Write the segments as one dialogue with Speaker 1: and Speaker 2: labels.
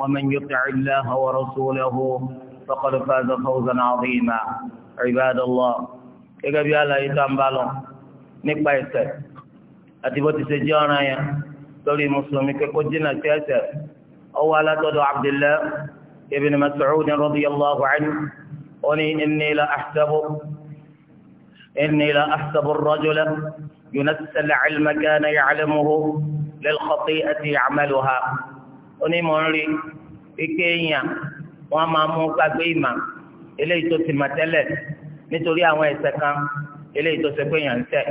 Speaker 1: ومن يطع الله ورسوله فقد فاز فوزا عظيما عباد الله gẹ́gẹ́ bí àlàyé tá ń bá lọ nípa ẹ̀ṣẹ̀ àti bó ti ṣe jẹ́ ọ̀ràn yẹn lórí mùsùlùmí kẹ́kọ̀ọ́ jìnnà sí ẹ̀ṣẹ̀ ọwọ́ alátọ́dọ̀ abdullah ibn mas'ud radiyallahu anhu ó ní inni la ahsabu inni la ahsabu ar-rajula yunassa al-'ilma kana ya'lamuhu lil khati'ati ya'maluha. onímọ̀ nri rí ike èèyàn wọn máa mú gbàgbé ìmà eléyìí tó ti mà tẹ́lẹ̀ nítorí àwọn ẹ̀ṣẹ̀ kan eléyìí tó ṣe pé èèyàn ń tẹ̀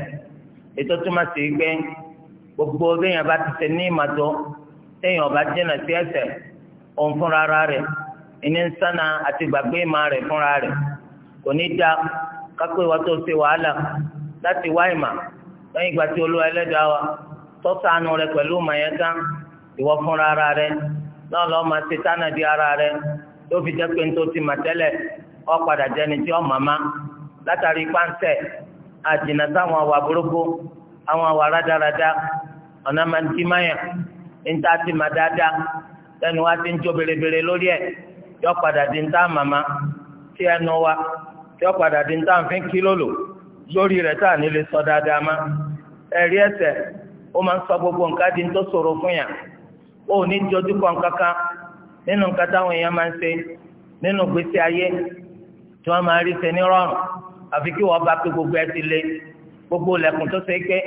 Speaker 1: ètò túmọ̀ sí pé gbogbo béèyàn bá ti ṣe ní ìmà tó téèyàn bá jìnnà sí ẹ̀ṣẹ̀ òun fúnra rẹ̀ ìní ń sánà àti gbàgbé ìmà rẹ̀ fúnra rẹ̀ kò ní kápẹ́ wa tó ṣe wàhálà láti wá ìmà lẹ́yìn ìgbà tí olúwa ẹlẹ́dàá wa rẹ̀ pẹ̀lú ìwọ fúnra ara rẹ náà lọ́ọ́ máa ṣe tánàdí ara rẹ tó fi jẹ́ pé n tó ti mà tẹ́lẹ̀ ọ padà jẹni tí ọ màmá látàrí pàǹtẹ̀ àjìnà táwọn àwà burúkú àwọn àwà ọ ọ̀nà máa ń máyà níta ti mà dáadáa lẹ́nu ti ń jó berebere lórí ẹ̀ yọ padà di tí wa yọ padà di nfin lórí tá sọ dáadáa má ẹ̀rí ó máa di tó fún ó ní jọjú kan kankan nínú nǹkan táwọn èèyàn máa ń ṣe nínú gbèsè ayé tí wọ́n máa rí ṣe ní rọrùn àfi kí wọ́n bá pé gbogbo ẹ ti le gbogbo lẹ̀kùn tó ṣe é pé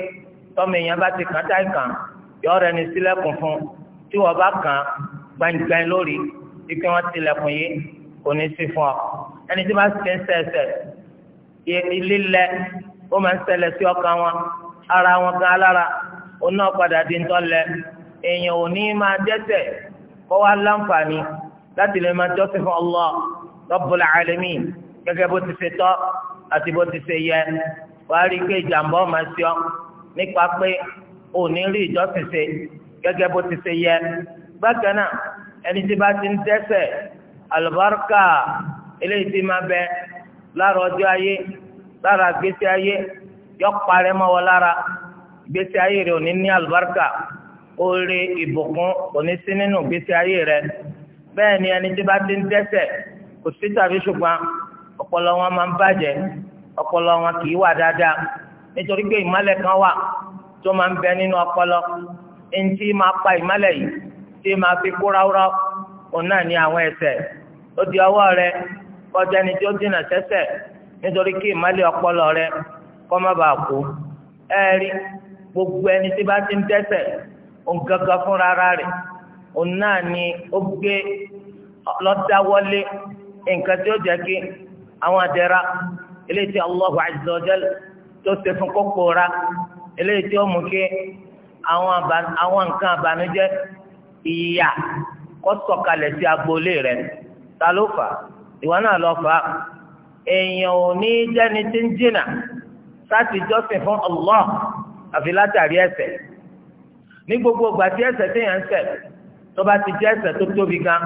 Speaker 1: tọ́mọ èèyàn bá ti kàn táì kàn yọ rẹ ní sílẹ̀kùn fún tí wọ́n bá kàn gbàǹgbàǹ lórí ike wọn tilẹ̀kùn yìí kò ní sí fún ọ ẹni tí wọ́n bá ti ń sẹ̀sẹ̀ ilé lẹ ó máa ń ṣẹlẹ̀ sí ọkàn wọn ara wọn gan alára ó padà di ń tọ́ lẹ èèyàn ò ní máa dẹ́ṣẹ̀ kó wá láǹfààní láti lè máa jọ́sìn fún Allah Rabbul Alamin gẹ́gẹ́ bó ti ṣe tọ́ àti bó ti ṣe yẹ wàá rí i pé ìjàmbá ọ̀ máa ṣe ọ́ nípa pé ò ní rí ìjọ́sìn ṣe gẹ́gẹ́ bó ti ṣe yẹ bákan náà ẹni tí bá ti ń dẹ́ṣẹ̀ àlùbáríkà eléyìí ti máa bẹ lára ọjọ́ ayé lára gbèsè ayé yọ parẹ́ mọ́ wọ lára gbèsè ayé rẹ̀ ò ní ní àlùbáríkà. oore ìbùkún kò sí nínú ìgbésí ayé rẹ bẹ́ẹ̀ ni ẹni tí bá ti ń dẹ́ṣẹ̀ kò sí tàbí ṣùgbọ́n ọpọlọ wọn máa ń bàjẹ́ ọpọlọ wọn kì í wà dáadáa nítorí pé ìmọ́lẹ̀ kan wà tó máa ń bẹ nínú ọpọlọ ẹni máa pa ìmọ́lẹ̀ yìí tí máa fi kó ráúráú òun náà ní àwọn ẹ̀ṣẹ̀ ó di ọwọ rẹ kọjá ẹni tí ó dènà sẹ́ṣẹ̀ nítorí kí ìmọ́lẹ̀ ọpọlọ rẹ kó má bàa kú gbogbo ẹni tí bá ti ń ònkankan fúnra ara rẹ̀ òun náà ni ó gbé lọ́dáwọlé nǹkan tí ó jẹ́ kí àwọn àdẹ́ra eléyìí tí Allahu azza wa jal tó ṣe fún kókó ra eléyìí tí ó mú kí àwọn nǹkan àbànújẹ́ ìyà kó sọ̀kalẹ̀ sí agboolé rẹ̀ ta ló fà ìwọ náà lọ fà èèyàn ò ní jẹ́ni tí ń jìnnà fún Allah àfi látàrí ní gbogbo ìgbà tí ẹ̀ṣẹ̀ téèyàn ń ṣẹ̀ tó bá ti jẹ́ ẹ̀ṣẹ̀ tó tóbi gan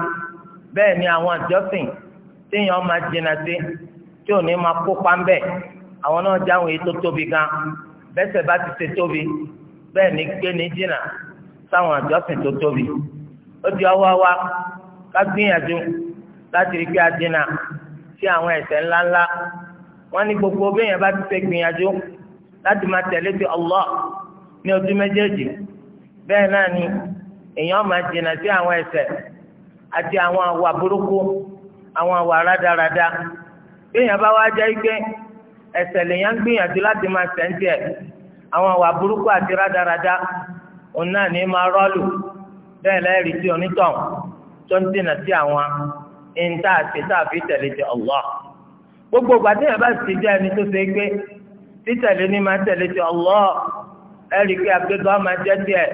Speaker 1: bẹ́ẹ̀ ni àwọn àjọsìn téèyàn máa jìnnà sí tí ò ní máa kópa ń bẹ̀ àwọn náà jáwọn èyí tó tóbi gan bẹ́ṣẹ̀ bá ti ṣe tóbi bẹ́ẹ̀ ni gbé ní jìnnà sáwọn àjọsìn tó tóbi ó di ọwọ́ wa ká gbìyànjú láti rí pé a jìnnà sí àwọn ẹ̀ṣẹ̀ ńláńlá wọn ní gbogbo béèyàn bá ti ṣe gbìyànjú láti máa tẹ̀lé ti Allah ní ojú méjèèjì bẹ́ẹ̀ náà ni èèyàn máa jìnnà sí àwọn ẹ̀ṣẹ̀ àti àwọn àwà burúkú àwọn àwà rádaràda béèyàn bá wá jẹ́ ike ẹ̀ṣẹ̀ lèèyàn ń gbìyànjú láti máa sẹ́ńtì ẹ̀ àwọn àwà burúkú àti rádaràda òun náà ní máa rọ́ọ̀lù bẹ́ẹ̀ lẹ́rìí sí onítàn tó ń jìnnà sí àwọn ìńtà àti ti Allah gbogbo ìgbà bá jẹ́ ẹni tó ṣe é gbé títẹ̀lé máa ẹ̀rí pé agbẹ́dọ̀ ọmọ jẹ́ díẹ̀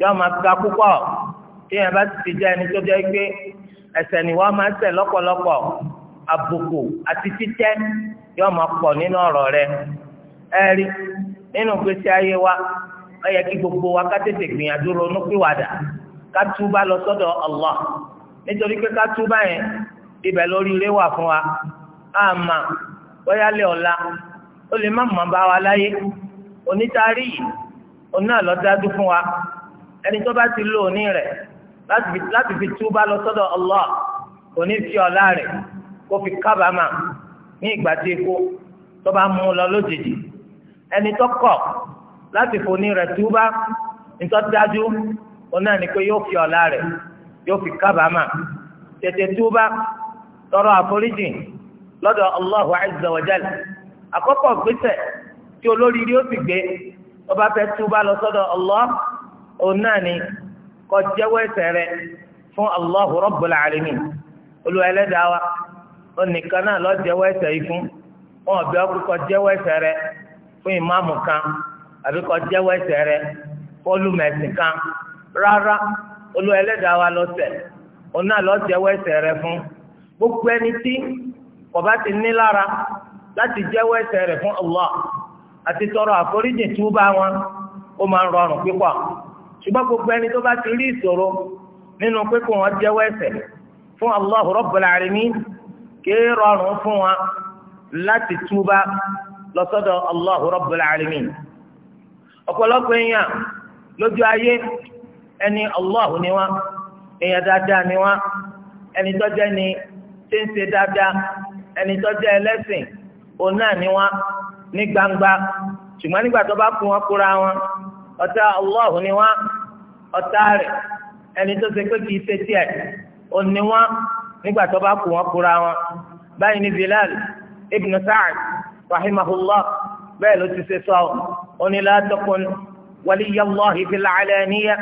Speaker 1: yọ ọmọ ga púpọ̀ tí yẹn bá ti jẹ́ ẹni tó jẹ́ pé ẹsẹ̀ ni wọ́n máa ń tẹ̀ lọ́pọ̀lọpọ̀ àbùkù àti títẹ́ yọ ọmọ pọ̀ nínú ọ̀rọ̀ rẹ̀ ẹ̀rí nínú gbèsè ayé wa ó yẹ kí gbogbo wa ká tètè gbìyànjú ronú pìwàdà ká túbà lọ sọ́dọ̀ Allah nítorí pé ká túbà yẹn ibẹ̀ lórí ilé wà fún wa àmà bóyá lè ọ̀la ó lè má mọ̀ bá wa láyé onítàrí yìí òun náà lọ dájú fún wa ẹni tó bá ti lo òní rẹ̀ láti fi túbá lọ sọ́dọ̀ Allah òní fi ọlá rẹ̀ kó fi kábàámà ní ìgbà tí ikú tó bá mú lọ lójijì ẹni tó kọ̀ láti fòní rẹ̀ túbá nítorí dájú òun náà ni pé yóò fi ọlá rẹ̀ yóò fi kábàámà tètè túbá tọrọ àforíjì lọ́dọ̀ Allahu azza wa jalla àkọ́kọ́ gbèsè tí olóríire ó sì gbé ọba fẹ́ túbá lọ sọ́dọ̀ Allah òun náà ni kó jẹ́wọ́ ẹ̀ṣẹ̀ rẹ̀ fún Allahu Rabbul Alamin Olúwa Ẹlẹ́dàá wa onìkan náà ló jẹ́wọ́ ẹ̀ṣẹ̀ yìí fún wọn ọbẹ ọkọ kó jẹ́wọ́ ẹ̀ṣẹ̀ rẹ̀ fún ìmáàmù kan àbí kó jẹ́wọ́ ẹ̀ṣẹ̀ rẹ̀ fún olùmẹ̀sìn kan rárá Olúwa Ẹlẹ́dàá wa ló ṣẹ̀ òun náà ló jẹ́wọ́ ẹ̀ṣẹ̀ rẹ̀ fún gbogbo ẹni tí kò ti ní lára láti jẹ́wọ́ ẹ̀ṣẹ̀ rẹ̀ fún Allah àti tọrọ àforíjì tí ó bá wọn ó máa ń rọrùn pípọ̀ ṣùgbọ́n gbogbo ẹni tó bá ti rí ìṣòro nínú pípọ̀ wọn jẹ́wọ́ ẹ̀ṣẹ̀ fún Allahu Rabbul Alamin kì í rọrùn fún wọn láti túbá lọ sọ́dọ̀ Allahu Rabbul Alamin ọ̀pọ̀lọpọ̀ èèyàn lójú ayé ẹni Allahu ni wọn èèyàn dáadáa ni wọn ẹni tó jẹ́ tí ń ṣe dáadáa ẹni tó ẹlẹ́sìn òun náà ni wọn ní gbangba ṣùgbọ́n nígbà tó bá fún wọn kóra wọn ọ̀tá Allah ni wọn ọ̀tá rẹ̀ ẹni tó ṣe pé kì í ṣe tiẹ̀ ò ní wọn nígbà tó bá fún wọn kóra wọn báyìí ni Bilal ibn Sa'ad rahimahullah bẹ́ẹ̀ ló ti ṣe sọ ọ ní la takun waliyallahi fil alaniya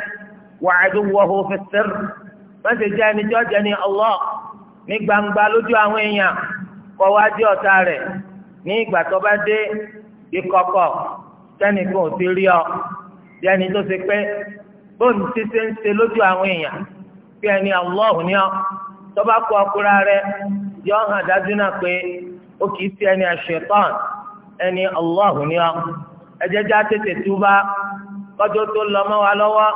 Speaker 1: wa aduwwahu fis wọ́n ti jẹ́ ẹni tí wọ́n jẹ́ ní gbangba lójú àwọn èèyàn kọ́ ọ̀tá rẹ̀ ní ìgbà tó bá dé ìkọ̀kọ̀ sẹ́nìkan ò ti rí ọ bí ẹni tó ṣe pé bóun ti ń ṣe lójú àwọn èèyàn bí ẹni ọlọ́hùn ni ọ tó bá kọ ọkùnrin rẹ yọ hàn dájú náà pé ó kì í ṣe ẹni àṣetán ẹni ọlọ́hùn ni ọ ẹjẹ́ já tètè túbá kọjọ́ tó lọ mọ́ wa lọ́wọ́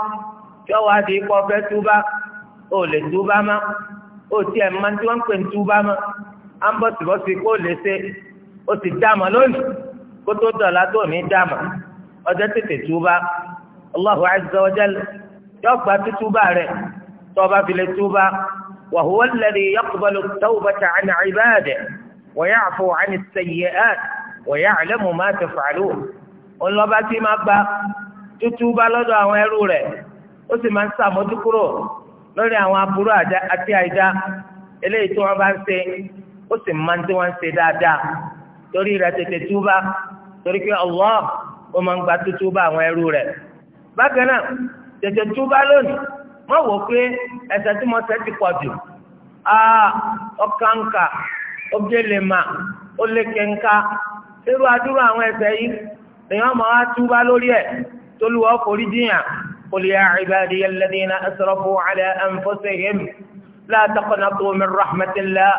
Speaker 1: tí ọ wá di ikọ̀ fẹ́ túbá ó lè túbá mọ́ ó tiẹ̀ máa ń tí wọ́n ń pè ń túbá mọ́ à ń bọ̀ tìbọ̀sí kó lè ṣe ó ti dáàmà lónìí kó tó dọ̀la tó ní dáàmà ọjọ́ tètè túbá Allahu azza wa jalla yóò gba títúbà rẹ̀ tó o bá fi lè túbá wa huwa alladhi yaqbalu at-tawbata 'an wa ya'fu 'an as wa ya'lamu ma taf'alun ọlọ́ba tí máa gba tútúbá lọ́dọ̀ àwọn ẹrú rẹ̀ ó sì máa ń sàmójúkúrò lórí àwọn aburú àti àìdá eléyìí tí wọ́n bá ń ṣe ó sì máa ń tí wọ́n ń ṣe dáadáa torí rẹ̀ tètè túbà torí pé Allah ó máa ń gba túbà àwọn ẹrú rẹ̀ bákan náà tètè túbà lónìí wọ́n wò pé ẹ̀ṣẹ̀ tí mo ṣẹ̀ ti pọ̀ jù ọkànkà ọgẹlẹ̀mà ó lé kẹńkà irú adúrú àwọn ẹ̀ṣẹ̀ yìí lèyìn ọmọ wa túbà lórí ẹ̀ tolúwa forí jiyàn qul ya ibadiya alladhina asrafu ala anfusihim la taqnatu min rahmatillah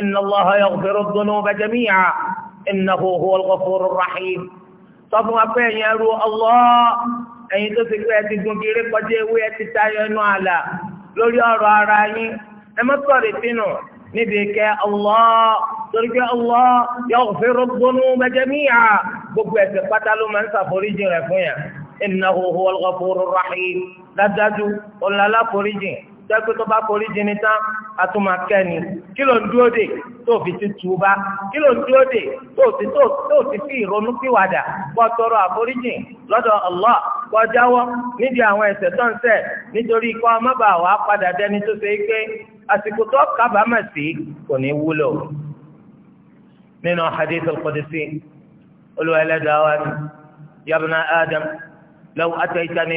Speaker 1: inna Allaha yaghfiru dhunuba jami'a innahu huwal ghafurur rahim sọ fún wa pé ẹ̀yin ẹrú Allah ẹ̀yin tó ti pé ẹ ti gun kiri kọjá ewé ẹ ti tayọ inú àlà lórí ọ̀rọ̀ ara yín ẹ má sọ̀rọ̀ ìpinnu níbi ìkẹ́ Allah torí pé Allah yaghfiru dhunuba jami'a gbogbo ẹ̀ṣẹ̀ pátá ló máa ń ṣàforíjì rẹ̀ fún yà innahu huwal ghafurur rahim dájú ọ̀làlá foríjì jẹ́pẹ́ tó bá forí jini tán a tún máa kẹ́ni kí ló ń dúró dè tó fi ti tù bá kí ló ń dúró dè tó ti tó ti fi ìrònú pìwàdà kó tọrọ àforíjì lọ́dọ̀ Allah kó jáwọ́ nídìí àwọn ẹ̀ṣẹ̀ tó ń ṣẹ̀ nítorí kó má bàa wá padà dẹni tó ṣe é pé àsìkò tó kábàámọ̀ sí kò ní wúlò nínú hadith al-qudsi olùwà ẹlẹ́dàá wa ni yabna adam law ataytani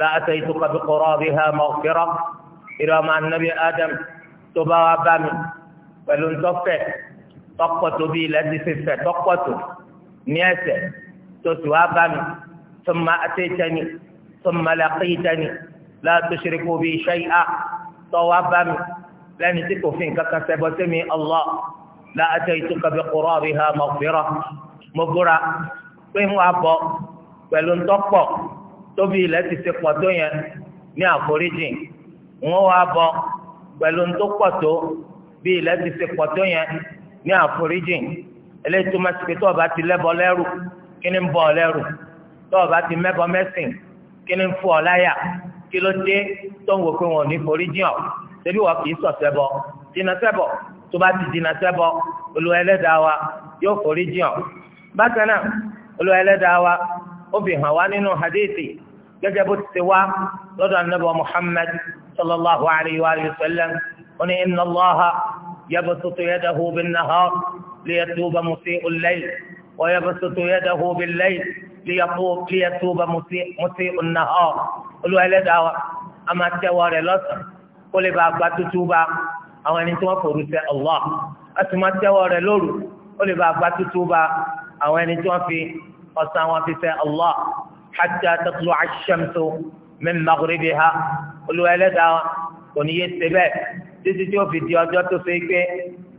Speaker 1: لأتيتك بقرابها مغفرة إلى مع النبي آدم تبا بامي ولن تفت تقوت بي لدي سفت تقوت نيسة تسوى بامي ثم أتيتني ثم لقيتني لا تشرك بي شيئا طوى بامي لن تكفين سمي الله لا أتيتك بقرابها مغفرة مغفرة فهم أبو ولن تقوت tóbi ilẹ̀ ti ṣe pọ̀ tó yẹn ní àforíjì wọ́n wá bọ pẹ̀lú tó pọ̀ tó bí ilẹ̀ ti ṣe pọ̀ tó yẹn ní àforíjì eléyìí tó máa ṣe tó o bá ti lẹ́bọ lẹ́rù kí ni ń bọ̀ ọ lẹ́rù tó o bá ti mẹ́bọ mẹ́sìn kí ni ń fọ ọ láyà kí ló dé tó ń wò pé wọn ò ní foríjì ọ̀ ṣebí wọn kì í sọ̀ sẹ́bọ̀ dínà sẹ́bọ̀ tó bá ti dínà sẹ́bọ̀ Olúwa ẹlẹ́dàá wa yóò foríjì ọ̀ bákan náà Olúwa ẹlẹ́dàá wa ó fi hàn wá nínú hadithi gẹ́gẹ́ bó ti ti wá lọ́dọ̀ anabi muhammad sallallahu alayhi wa sallam ó ní inna allaha yabsutu yadahu bin-nahar liyatuba musi'u al-layl wa yabsutu yadahu bil-layl liyatuba musi'u an-nahar olúwa ẹlẹ́dàá wa a máa tẹ́wọ́ rẹ̀ lọ́sàn kó lè bá a gba tútù bá àwọn ẹni tí wọ́n forú sẹ́ allah a sì máa tẹ́wọ́ rẹ̀ lóru kó lè bá a gba tútù bá àwọn ẹni tí wọ́n fi ọ̀sán wọn fi fẹ́ Allah hatta tatlu ash-shamsu min maghribiha olúwa ẹlẹ́dàá kò ní yé ṣe bẹ́ẹ̀ títí tí ó fi di ọjọ́ tó ṣe pé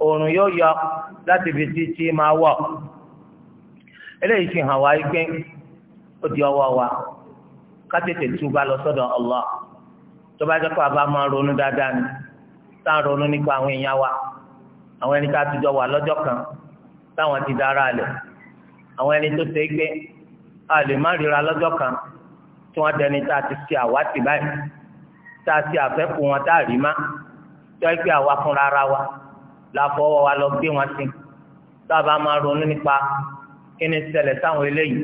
Speaker 1: oòrùn yóò yọ láti fi ti ti máa wọ̀ eléyìí fi hàn wá gbé ó di ọwọ́ wa ká tètè túbà lọ sọ́dọ̀ Allah tó bá jẹ́ pé àbá máa ronú dáadáa ni tá à ronú nípa àwọn èèyàn wa àwọn ẹni tá a wà lọ́jọ́ kan táwọn ti dára lẹ̀ àwọn ẹni tó ṣe é gbé a lè má ríra lọ́jọ́ kan tí wọ́n dẹni tá a ti ṣe àwátì báyìí tá a ṣe àfẹ́kù wọn tá a rí má tó ẹ pé àwa fúnra ara wa la fọwọ́ wa lọ gbé wọn sí tá a bá máa ronú nípa kí ni ṣẹlẹ̀ sáwọn eléyìí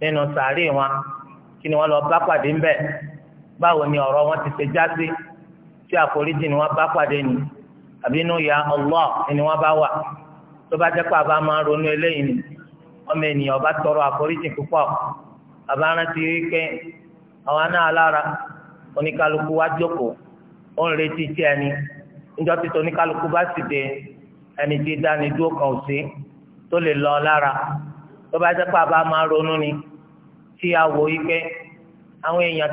Speaker 1: nínú sàárè wọn kí ni wọ́n lọ bá pàdé ńbẹ̀ báwo ni ọ̀rọ̀ wọn ti ṣe já sí tí àforíjì ni wọ́n bá pàdé ni àbínú ya Allah ni wọ́n bá wà tó bá jẹ́ pé àbá máa ronú eléyìí ni. ọmọ ènìyàn ọba tọrọ àforíjì púpọ̀ bàbá rántí wípé àwa náà lára oníkálukú wá jókòó ó ń retí tí ẹni níjọ́ tí oníkálukú bá sì dé ẹni tí dáni dúró kan ò sí tó lè lọ lára tó bá jẹ́ pé àbá máa ronú ni tí a wò àwọn èèyàn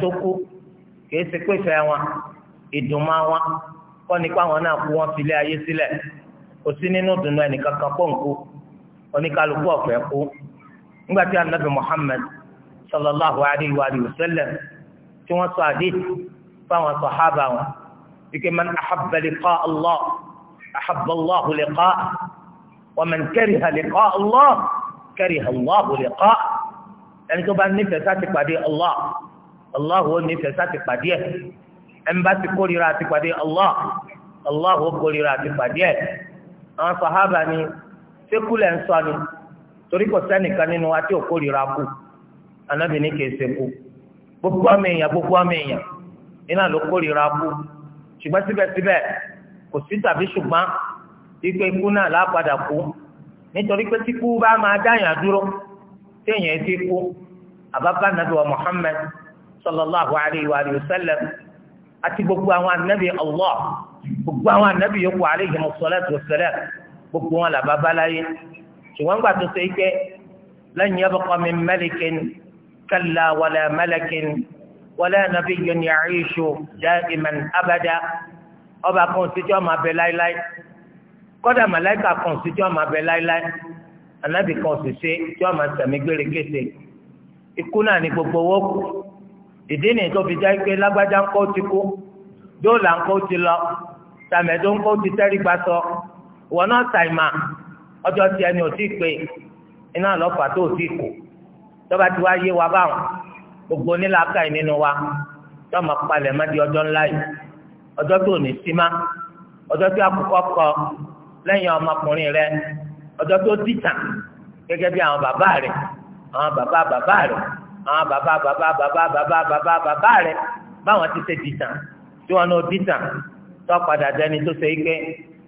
Speaker 1: oníkálukú ọ̀fẹ́ kú nígbà tí anabi muhammed sallallahu alayhi wa sallam tí wọ́n sọ àdéhì fáwọn sọ̀hábà wọn wíkẹ́ man ahabba liqa allah ahabba allah liqa wa man kariha liqa allah kariha allah liqa ẹni tó bá nífẹ̀ẹ́ sáti pàdé allah allah ó nífẹ̀ẹ́ sáti pàdé ẹni bá ti kórìíra àti pàdé allah allah ó kórìíra àti pàdé àwọn sọ̀hábà ni. sékú lẹ̀ ń sọ ni torí kò sẹ́nìkan nínú wa tí ò kórìíra kù anábì ní kìí gbogbo àmì èèyàn gbogbo àmì èèyàn iná ló kórìíra kù ṣùgbọ́n síbẹ̀síbẹ̀ kò sí tàbí ṣùgbọ́n wípé ikú náà lápadà kú nítorí pé tí bá máa dáyàn dúró tí èèyàn ti kú àbábá wa Muhammad sallallahu alayhi wa sallam àti gbogbo àwọn anábì Allah gbogbo àwọn anábì yòókù alayhi gbogbo wọn làbá bá láyé ṣùgbọ́n gbà tó ṣe é pé lẹ́yìn yabqa min malikin kalla wala malikin wala nabiyyun ya'ishu da'iman abada ọba kan òṣìṣẹ́ ọmọ abẹ láéláé kọ́dà màláìkà kan òṣìṣẹ́ ọmọ abẹ láéláé ànábì kan òṣìṣẹ́ tí ọmọ sẹ̀mí gbére kése ikú náà ni gbogbo owó kù ìdí nìyí tó fi jẹ́ pé lágbájá ńkọ́ ti kú dóòlà ńkọ́ ti lọ tàmẹ̀dó ńkọ́ ti tẹ́rí gbà ìwọ náà ṣàìmà ọjọ́ tí ẹni ò tí ì pé iná ọlọ́pàá tó ti kù tọ́ba tí wá yé wa báwọn gbogbo onílàákà yìí nínú wa tọ́mọ palẹ̀ má di ọjọ́ ńlá yìí ọjọ́ tó ní símá ọjọ́ tí àkùkọ kọ lẹ́yìn ọmọkùnrin rẹ ọjọ́ tó dìtà gẹ́gẹ́ bí àwọn bàbá rẹ àwọn bàbá bàbá rẹ àwọn bàbá bàbá bàbá bàbá bàbá bàbá rẹ báwọn ti ṣe dìtà tí wọn náà dìtà tó padà dẹni tó ṣe é gbé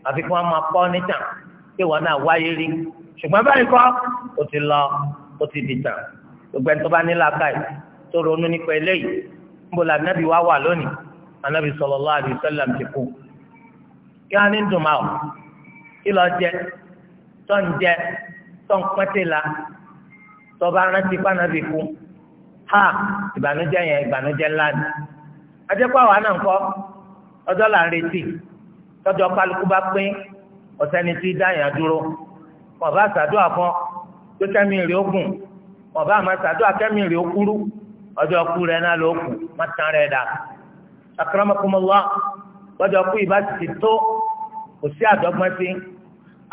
Speaker 1: àfi kí wọ́n máa kọ́ níta kí náà wáyé rí ṣùgbọ́n báyìí kọ́ o ti lọ o ti di tàn gbogbo ẹni tó bá tó ronú nípa eléyìí níbo la nábì wá wà lónìí anábì sallallahu alaihi wasallam ti kú kí ní dùnmá o kí lọ jẹ ha yẹn ńlá ni ajẹ́pọ̀ ọjọ́ là tọ́jọ́ kálukú bá pín ọ̀sẹ́ni tí dáyàn dúró wọn bá ṣàdúrà fún pé kẹ́mi rè ó gùn wọn bá máa ṣàdúrà kẹ́mi rè ó kúrú ọjọ́ kú rẹ̀ náà ló kù má tán rẹ̀ dà akramakumullah lọ́jọ́ kú ìbá ti tó kò sí àdọ́gbọ́n sí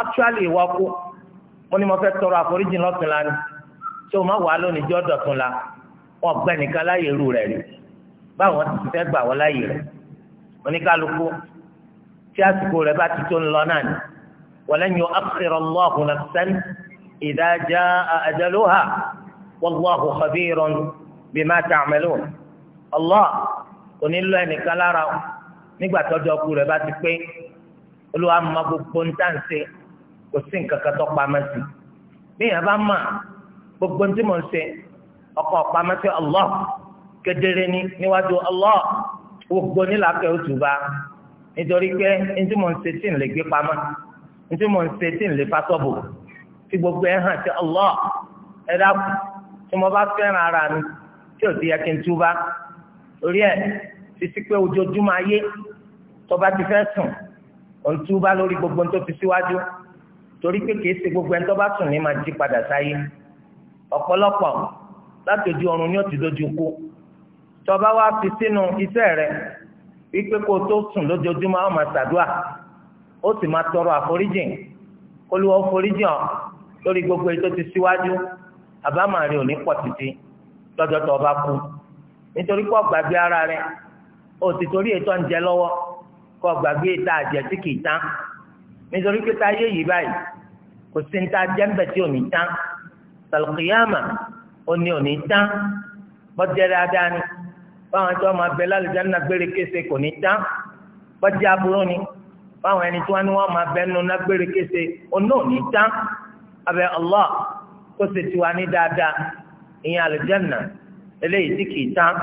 Speaker 1: actually ìwà kú mo ní mo fẹ́ tọrọ àforíjì lọ́sùn la ni tó má wàá lónìí jọ́ dọ̀tún la wọn gbẹ nìkan láyè irú rẹ̀ rí báwọn ti fẹ́ gbà wọ́n láyè rẹ̀ oníkálukú tí àsìkò rẹ̀ bá ti tó ń lọ náà ni walan yu'akhkhira Allahu nafsan idha jaa ajaluha wallahu khabirun bima ta'malun Allah kò ní lọ ẹnìkan lára nígbà tọ́jú ọkù rẹ̀ bá ti pé olúwa máa gbogbo ń tà ń ṣe kò sí nǹkan kan tó pamọ́ sí bí yẹn bá mà gbogbo ń tí mò ń ṣe ọkọ̀ pamọ́ sí Allah kedere ní níwájú Allah gbogbo nílàkẹ́ nítorí pé ntí mo ń ṣe tí ń lè gbé pamọ́ ntí mo ń ṣe tí tí gbogbo ẹ̀ hàn sí Allah ẹ dákun tí mo bá fẹ́ràn ara mi tí ò ti yẹ kí n túbá orí ẹ̀ títí pé ojoojúmọ́ ayé tó bá ti fẹ́ sùn ò ń túbá lórí gbogbo tó fi síwájú torí pé kìí ṣe gbogbo ẹni tó bá sùn ní máa jí padà sáyé ọ̀pọ̀lọpọ̀ láti ojú ọrùn ni ó ti dojú kú tó wá fi sínú iṣẹ́ rẹ̀ wípé kó o tó sùn lójoojúmọ́ àwọn máa ṣàdúà ó sì máa tọrọ àforíjìn kólúwọ́ foríjìn ọ lórí gbogbo ètò ti síwájú àbámà rẹ pọ̀ títí lọ́jọ́ tó o bá kú nítorí pé ọ̀gbàgbé ara rẹ ó ti torí ètò ń jẹ lọ́wọ́ kó ọ̀gbàgbé ìta àjẹ tí kì í tán nítorí pé táyé yìí báyìí kò sí ní ta jẹ́ńbẹ̀ tí ò ní tán tàlùkìyàmà ó ò ní tán bọ́jẹ́ dáadáa ni báwọn tí wọ́n máa bẹ lálùjáná gbére kése kò ní tán bọ́jà aburú ni báwọn ẹni tí wọ́n ní wọ́n máa bẹ nù nágbére kése ọ̀nà ò ní tán abẹ Allah kó ṣe tiwa ní dáadáa ìyẹn àlùjáná eléyìí tí kì í tán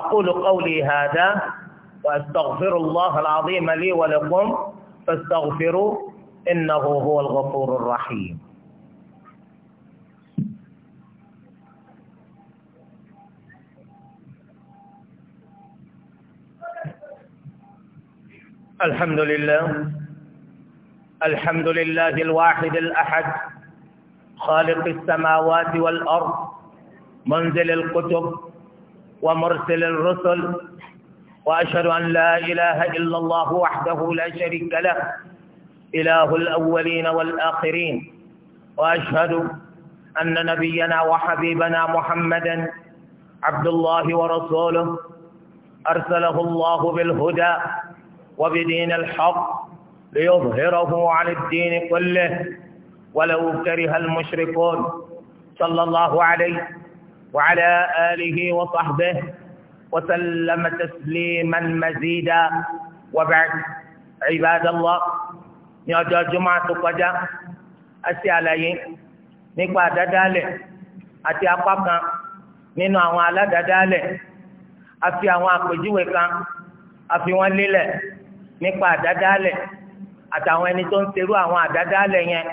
Speaker 1: aqulu qawli hadha wa astaghfirullaha al-azima li wa lakum fastaghfiruhu innahu huwal ghafurur الحمد لله الحمد لله الواحد الأحد خالق السماوات والأرض منزل الكتب ومرسل الرسل وأشهد أن لا إله إلا الله وحده لا شريك له إله الأولين والآخرين وأشهد أن نبينا وحبيبنا محمدا عبد الله ورسوله أرسله الله بالهدى وبدين الحق ليظهره على الدين كله ولو كره المشركون صلى الله عليه وعلى آله وصحبه وسلم تسليما مزيدا وبعد عباد الله ní ọjọ́ jùmọ̀ tó kọjá a ṣe àlàyé nípa àdádálẹ̀ àti apá kan nínú àwọn aládàádálẹ̀ a fi nípa àdádálẹ̀ àtàwọn ẹni tó ń serú àwọn àdádálẹ̀ yẹn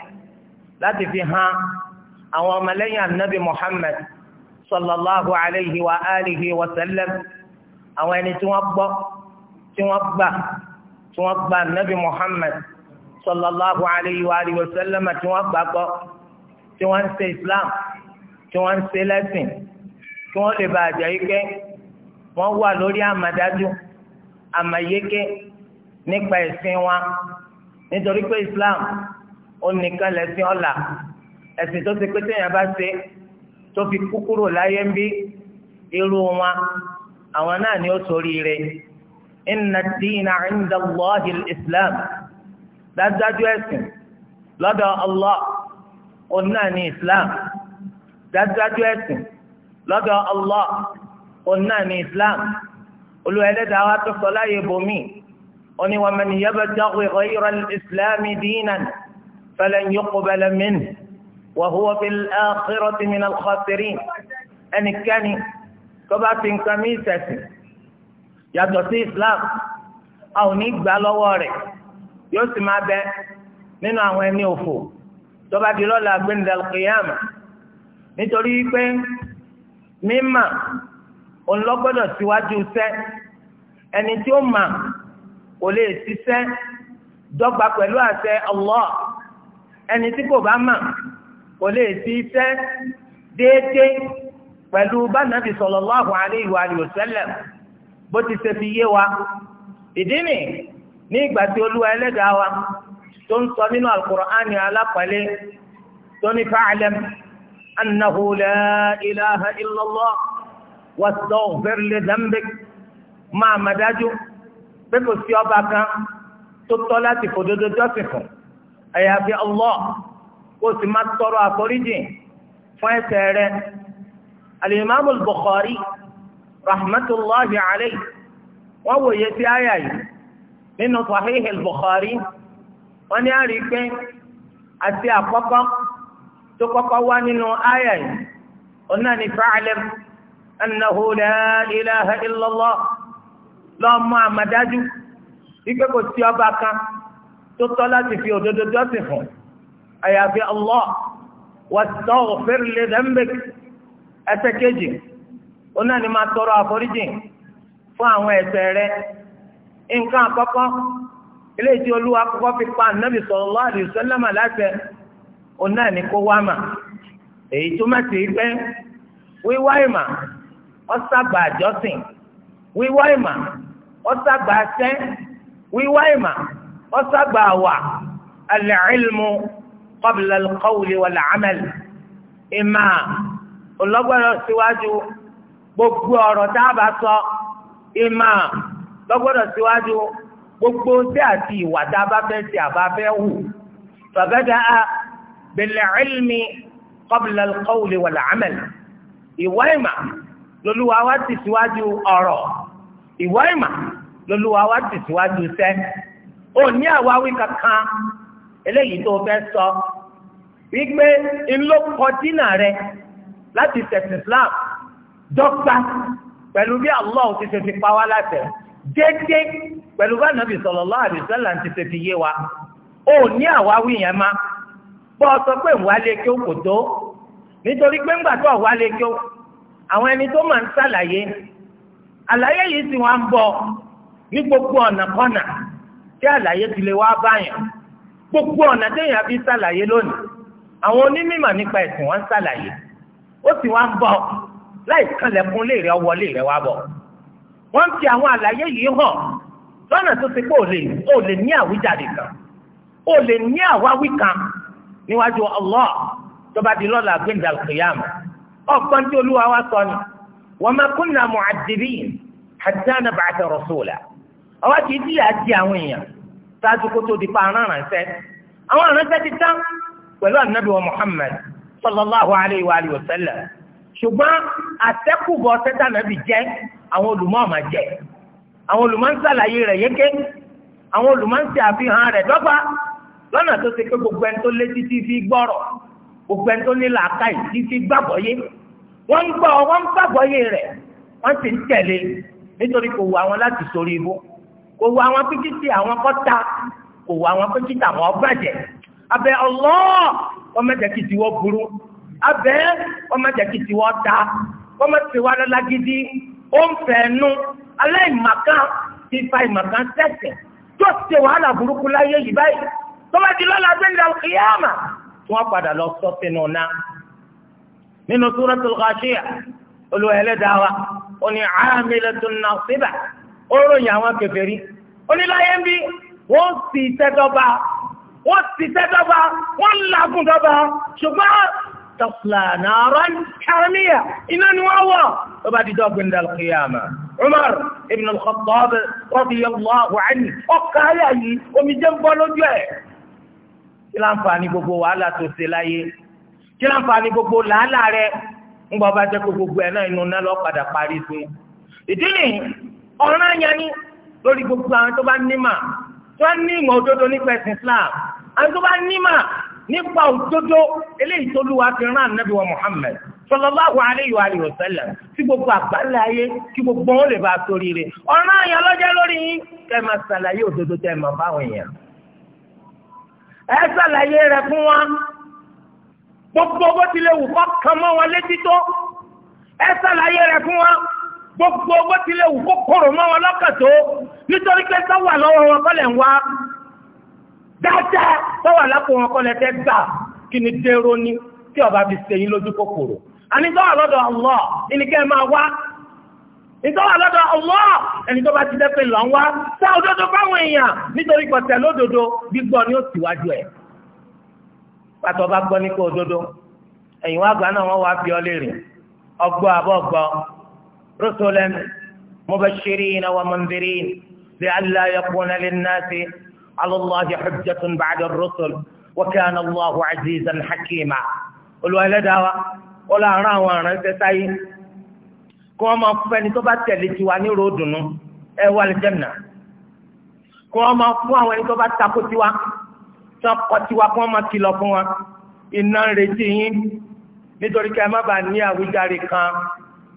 Speaker 1: láti fi hàn àwọn ọmọlẹ́yìn anabi Muhammad sallallahu alayhi wa alihi wa sallam àwọn ẹni tí wọ́n gbọ́ tí wọ́n gbà tí wọ́n gbà anabi Muhammad sallallahu alayhi wa alihi wa sallam tí wọ́n gbà gbọ́ tí wọ́n ń ṣe Islam tí wọ́n ń ṣe lẹ́sìn kí wọ́n lè bàjẹ́ yìí wọ́n wà lórí àmàdájú àmàyéké nípa ẹ̀sìn wa nítorí pé islam ó nìkan lẹ́sìn ọ̀la ẹ̀sìn tó ti pé téèyàn bá ṣe tó fi kú kúrò láyé ń bí irú wa àwọn náà ni ó ṣoríire inna ad-dina 'inda Allahi al-islam dájúdájú ẹ̀sìn lọ́dọ̀ Allah òun náà ni islam dájúdájú ẹ̀sìn lọ́dọ̀ Allah òun náà ni islam olùwẹ̀lẹ́dàá wa tó sọ láyé bòmíì. أني ومن يبتغي غير الإسلام دينا فلن يقبل منه وهو في الآخرة من الخاسرين أني كاني كبات كميسة يدرسي إسلام أو نيجبا لواري يسمى به nínú àwọn ẹni òfò tọba di lọ́la gbẹ̀ndàlùkìyàmà nítorí pé mímà òun lọ́gbọ́dọ̀ síwájú sẹ́ ẹni tí ó mà kò lè ṣiṣẹ́ dọ́gba pẹ̀lú àṣẹ Allah ẹni tí kò bá mà kò lè ṣiṣẹ́ déédéé pẹ̀lú bánàbì sallallahu alayhi wa sallam bó ti ṣe fi yé wa ìdí nì ní ìgbà tí olúwa ẹlẹ́dàá wa tó ń sọ nínú al-Qur'ani alápàlẹ́ tó ní fa'lam annahu la ilaha illallah wastaghfir li máa mà dájú pé kò sí ọba kan tó tọ́ láti fòdodo jọ́sìn fún àyàfi Allah kó o sì máa tọrọ àforíjì fún ẹ̀ṣẹ̀ rẹ̀ alimami Bukhari rahmatulahi alayhi wọn wòye sí àyà yìí nínú sahih Bukhari wọn ní àrí àti àkọ́kọ́ tó kọ́kọ́ wá nínú àyà yìí ọ̀nà ní fa'lam la ilaha illallah. lọ́mọ àmàdájú wípé kò sí ọba kan tó tọ́ láti fi òdodo jọ́sìn fún àyàfi Allah wastaghfir li dhanbik ẹsẹ̀ kejì ó náà ní máa tọrọ àforíjì fún àwọn ẹ̀ṣẹ̀ rẹ nǹkan àkọ́kọ́ eléyìí olúwa kọ́kọ́ fi pa ànábì sallallahu alaihi wasallam láṣẹ ó náà ní kó wá mà èyí tó má ti wíwá ìmà àjọsìn. wíwá ìmà ọ̀sàgbà sẹ́ wíwá ìmà ọ̀sàgbà wà al-ilmu qabla al-qawli wal-amal ìmà ọlọ́gbọ́dọ̀ síwájú gbogbo ọ̀rọ̀ tá a bá sọ ìmà lọ́gbọ́dọ̀ síwájú gbogbo tí àti ìwà tá a bá fẹ́ ti àbá fẹ́ wù fàgádà á bil-ilmi qabla al-qawli ìwá ìmà lolúwa wá ti síwájú ọ̀rọ̀ ìwọ ìmọ̀ lolúwa wá ti síwájú sẹ́ ò ní àwáwí kankan eléyìí tó fẹ́ sọ wípé ńlọkọdínà rẹ láti tẹ̀sí Islam dọ́gba pẹ̀lú bí Allah ti ṣe fi pa wá láti dédé pẹ̀lú bá nàbì sallallahu alaihi wasallam ti ṣe fi yé wa ò ní àwáwí yẹn má bọ́ ọ sọ pé ìwálé kí ó kò tó nítorí pé ńgbà tó àwálé kí ó àwọn ẹni tó máa ń sàlàyé àlàyé yìí sì wá ń bọ̀ ní gbogbo ọ̀nà kọ́nà tí àlàyé ti lè wá báyàn gbogbo ọ̀nà téèyàn fi ṣàlàyé lónìí àwọn onímọ̀ nípa ẹ̀sìn wọn ń ṣàlàyé ó sì wá ń bọ̀ láì kanlẹ̀kùn lè rẹ wọlé rẹ wá bọ̀ wọ́n fi àwọn àlàyé yìí hàn lọ́nà tó ti pé ò lè ò lè ní àwíjàre kan ò lè ní àwáwí kan níwájú Allah tó bá di lọ́la gbẹ̀ndàlùkìyàmù ọgbọ́n tí olúwa wá sọ ni wama kunna mu'addibin hatta nab'atha rasula àwa kì í díyà di àwọn èèyàn ṣáájú kó tó di pa àrùn àránṣẹ́ àwọn àránṣẹ́ ti tán pẹ̀lú ànábì wa Muhammad sallallahu alayhi wa alihi wa sallam ṣùgbọ́n àtẹ́kùbọ̀ sẹ́tànàbì jẹ́ àwọn olùmọ̀ ọ̀mà jẹ́ àwọn olùmọ̀ ń sàlàyé rẹ̀ yéké àwọn olùmọ̀ ń àfihàn rẹ̀ dọ́gba lọ́nà tó ṣe pé gbogbo ẹni tó lé títí fi gbọ́rọ̀ gbogbo ẹni tó ní làákàyè títí gbàgbọ́ wọ́n ń gbọ́ wọ́n ń gbàgbọ́yé rẹ̀ wọ́n sì ń tẹ̀lé nítorí kò wù àwọn láti sórí ibú kò wù àwọn píkìtì àwọn kọ́ta kò wù àwọn píkìtì àwọn ọgbàjẹ́ abẹ́ Allah ọmọdékì tiwọ́ burú abẹ́ ọmọdékì tiwọ́ ta ọmọdéwà lọ́la gidi ó ń fẹ́ nu aláìmàkán ti fa ìmàkán sẹ̀sẹ̀ tó ṣe wàhálà burúkú láyé yìí báyìí tọ́wọ́ di lọ́la bẹ́ẹ̀ ni àlùkìyàmà tí wọ́n padà lọ sọ́ọ́ sínú náà nínú suratul Ghashiyah Olúwa Ẹlẹ́dàá wa ó ní àmìlẹtùn nasiba ó ròyìn àwọn kèfèrí ó ní láyé ń bí wọ́n sì tẹdọba wọ́n sì tẹdọba wọ́n làágùn dọba ṣùgbọ́n tasla naran hamiya iná ni wọ́n wọ̀ ó bá di dọgbìn dàlùkìyàmà Umar ibn al-Khattab radiyallahu anhu ọkà ayà yìí omijé ń bọ́ lójú ẹ̀ kí láǹfààní gbogbo wàhálà tó ṣe láyé kí láǹfààní gbogbo làálàá rẹ ńgbà bá jẹ́ pé gbogbo ẹ̀ náà inú náà lọ padà parí sí i ìdí nìyí ọ̀ràn yẹn ni lórí gbogbo àwọn tó bá nímà tó bá ní ìmọ̀ òdodo nípa ẹ̀sìn Islam àwọn tó bá nímà nípa òdodo eléyìí tó lù wá fi rán ànábì wa Muhammad sallallahu alayhi wa alihi wa sallam tí gbogbo àgbáńlá ayé kí gbogbo wọn lè bá a sórí rẹ̀ ọ̀ràn yẹn lọ́jọ́ lórí yín kẹ́ ẹ máa ṣàlàyé òdodo tẹ́ ẹ máa báwọn èèyàn ẹ ṣàlàyé rẹ̀ fún wọn gbogbo bó tilẹ̀ wù kọ́ kàn mọ́ wọn létí tó ẹ sàlàyé rẹ̀ fún wọn gbogbo bó tilẹ̀ wù kó kòrò mọ́ wọn lọ́kàn tó nítorí pé sọ́wà lọ́wọ́ wọn kọ́lẹ̀ ń wá dáadáa sọ́wà lápò wọn kọ́lẹ̀ tẹ́ gbà kí ni dérò ní tí ọba fi ṣe lójú kòkòrò àní sọ́wà lọ́dọ̀ Allah ìníkẹ́ ẹ máa wá ìtọ́wà lọ́dọ̀ Allah ẹni tó bá ti dẹ́ pé lọ́ ń wá sáà òdodo fáwọn èèyàn nítorí pọ̀tẹ́ lódodo gbígbọ́ ni ó tìwájú ẹ̀ pàtó bá gbọ́ nípa òdodo ẹ̀yìn wá gbà náà wọ́n wá bí ọ léèrè ọgbọ́ àbọ̀ gbọ́ rusulan mubashirina wa mundhirin li'alla yakuna lin-nasi 'ala Allahi hujjatun ba'da ar-rusul wa kana Allahu 'azizan hakima olùwàlẹ́dàá wa ọlọ́run àwọn aránṣẹ́ sáyé kí wọ́n máa fún ẹni tó bá tẹ̀lé tiwa ní ròdùnú ẹ wà lẹ́jẹ̀nà kí wọ́n máa fún àwọn ẹni tó bá takò tiwa sọ́kọ́ tiwa kí wọ́n máa kìlọ̀ fún wa iná ń retí yín nítorí kí a má bàa ní àwíjàre kan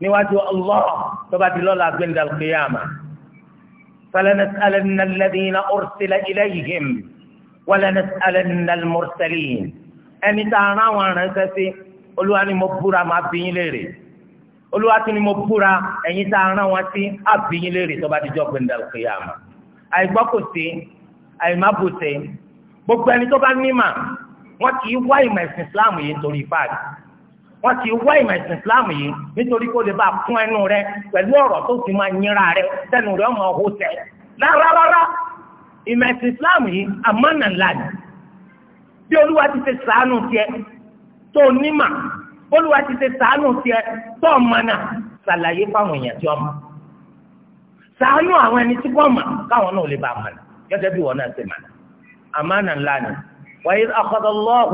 Speaker 1: níwájú Allah tó bá di lọ́la gbẹ̀ndà al-qiyama. فلنسألن الذين أرسل إليهم ولنسألن المرسلين ẹni tá a rán àwọn aránṣẹ́ sí olúwa ni mo búra máa bi yín léèrè olúwa tún ni mo búra ẹ̀yin tá a rán wọn sí á bi yín léèrè tó bá di jọ́ gbẹ̀ndà àìgbọ́kùsí àìmábùsí gbogbo ẹni tó bá nímà wọ́n kì í wá ìmọ̀ ẹ̀sìn islam yìí nítorí fáàdì wọ́n kì í wá ìmọ̀ ẹ̀sìn islam yìí nítorí kó lè bá kún ẹnu rẹ pẹ̀lú ọ̀rọ̀ tó ti máa nyíra rẹ sẹ́nu rẹ ọmọ ọ̀hún tẹ̀ rárárárá ìmọ̀ ẹ̀sìn islam yìí àmánà ńlá ni bí olúwa ti ṣe sàánù tiẹ̀ tó nímà olúwa ti ṣe sàánù tiẹ̀ tó mọ̀nà ṣàlàyé fáwọn èèyàn tí ọmọ sàánù àwọn ẹni tí wọ́n mọ̀ káwọn náà àmánà ńlá ni وإذ أخذ الله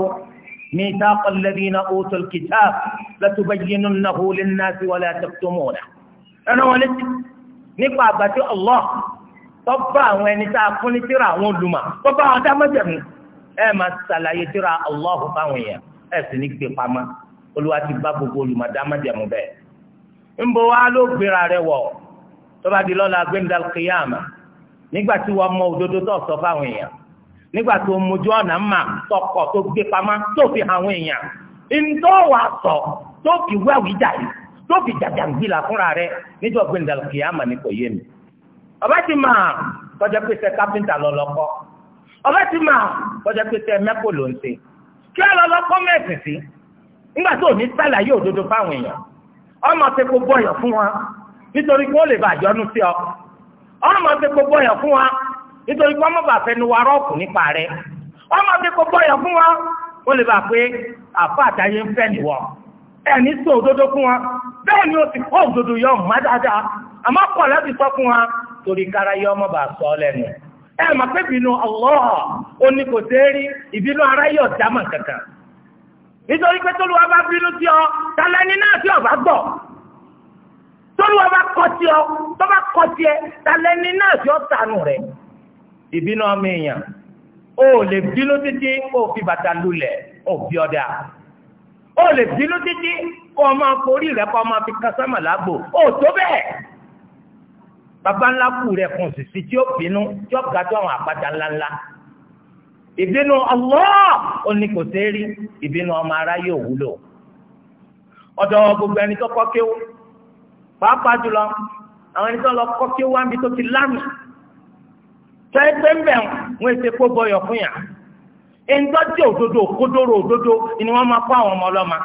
Speaker 1: ميثاق الذين أوتوا الكتاب لتبيننه للناس ولا تكتمونه أنا ولد nípa ìgbà tí Allah tó bá àwọn ẹni tá a fún ní tírà àwọn olùmọ̀ tó bá àwọn dámọ́jẹ̀mú ẹ máa ṣàlàyé tírà Allah fáwọn èèyàn ẹ sì ní gbé pamọ́ olúwa ti bá gbogbo olùmọ̀ dámọ́jẹ̀mú bẹ́ẹ̀. ń bọ̀ wá ló gbéra rẹ̀ wọ̀ tó bá di lọ́la gbẹ̀ndàl kìyàmà nígbà tí wọ́n mọ òdodo tó sọ fáwọn èèyàn nígbà tó mojú ọ̀nà mà tọkọ̀ tó gbé pamọ́ tó fi àwọn èèyàn sọ tó fi wẹ́wìí jà tó fi fúnra rẹ níjọ́ gbẹ̀ndàlù kìyàmà ní kò yé mi ọba ti mà kọjá pé sẹ lọ́lọ́kọ́ ọba ti mà kọjá pé mẹ́kò kí ọlọ́lọ́kọ́ mẹ́sìn sí nígbà tó ní sàlàyé òdodo fáwọn èèyàn ọmọ ti kó fún wa nítorí kó lè bàjọ́ nù sí ọ ọmọ nítorí pé ọmọ bàfẹ́ ni wàá rọ́ọ̀kù nípa rẹ̀ ọmọ bí kò bọ́yọ̀ fún wa ó lè bà pé àfa àtàyè ń fẹ́ nìwọ ẹni sọ òdodo fún wa bẹ́ẹ̀ ni ó ti kọ́ òdodo yọ ọ̀hún dáadáa àmọ́ kọ̀ láti sọ fún wa torí kára yọ ọmọ bà sọ lẹ́nu ẹ mà pé bínú ó ní kò sí rí ìbínú ara kankan nítorí pé tóluwa bá bínú sí ọ ìbínú ọmọ èèyàn ó lè bínú títí kó fi bàtà lulẹ̀ ó bí ọ̀dà ó lè bínú títí kó ọmọ akórí rẹ̀ kó ọmọ fi kásámà lágbo ó tó bẹ́ẹ̀ bàbá ńlá kù rẹ̀ kùn sì sí tí ó bínú tí ó ga àwọn àpáta ńláńlá ìbínú Allah ó ní kò sí rí ìbínú ọmọ ará yóò wúlò ọ̀dọ̀ gbogbo ẹni tó kọ́ kéwú pàápàá jùlọ àwọn ẹni tó lọ kọ́ kéwú wá níbi tó ti lámì tẹ́gbẹ́ mbẹ́ wọn èsè kó bọyọ̀ fún yà ńdọ́jọ́ òdodo kódóró òdodo ni wọ́n máa kó àwọn ọmọ ọlọ́mà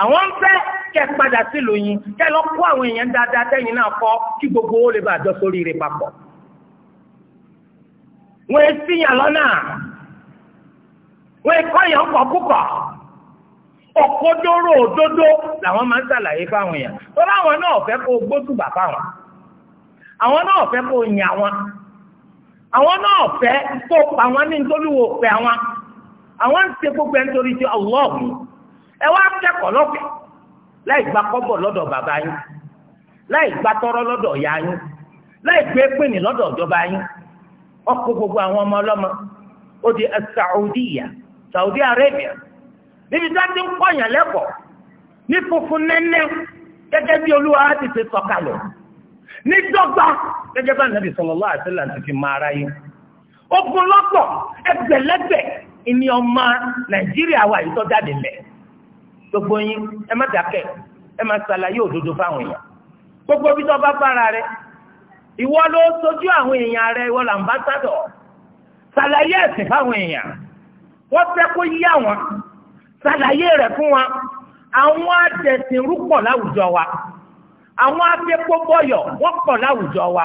Speaker 1: àwọn ń fẹ́ kẹ́ padà sílùú yín kẹ́ lọ kó àwọn èèyàn dáadáa tẹ́yìn náà kọ́ kí gbogbo ó lè bá àjọ sórí rẹ̀ papọ̀ wọ́n èsì yàn lọ́nà wọ́n èkó yàn kọ̀ púpọ̀ òkódóró òdodo làwọn máa ń ṣàlàyé fáwọn èèyàn tó láwọn náà fẹ́ kó gbósùbà fáwọn àwọn náà fẹ́ kó yàn wọn. àwọn náà fẹ́ kó àwọn ní nítorí àwọn àwọn ń ṣe gbogbo ẹni torí ti ọlọ́ọ̀mù ẹ wá kẹ́kọ̀ọ́ lọ́kẹ́ láì gba kọ́bọ̀ lọ́dọ̀ bàbá yín láì gba tọrọ lọ́dọ̀ ìyá yín láì gbé lọ́dọ̀ ìjọba yín ọkọ àwọn ọmọ ọlọ́mọ ó Arabia níbi a ti ń lẹ́kọ̀ọ́ ní ní dọ́gba gẹ́gẹ́ bá nàbì ti máa ráyé ogun lọ́pọ̀ ẹgbẹ̀lẹ́gbẹ̀ ìní ọmọ nàìjíríà wà yìí jáde lẹ̀ gbogbo yín ẹ má dákẹ́ ẹ má òdodo fáwọn èèyàn gbogbo bí tó bá rẹ ìwọ ló sojú èèyàn rẹ ìwọ làǹbáṣádọ̀ ẹ̀sìn fáwọn èèyàn wọ́n fẹ́ kó yí àwọn
Speaker 2: rẹ̀ fún wa
Speaker 1: àwọn àwọn afẹ́kọ́gbọ́yọ̀ wọ́n pọ̀ láwùjọ wa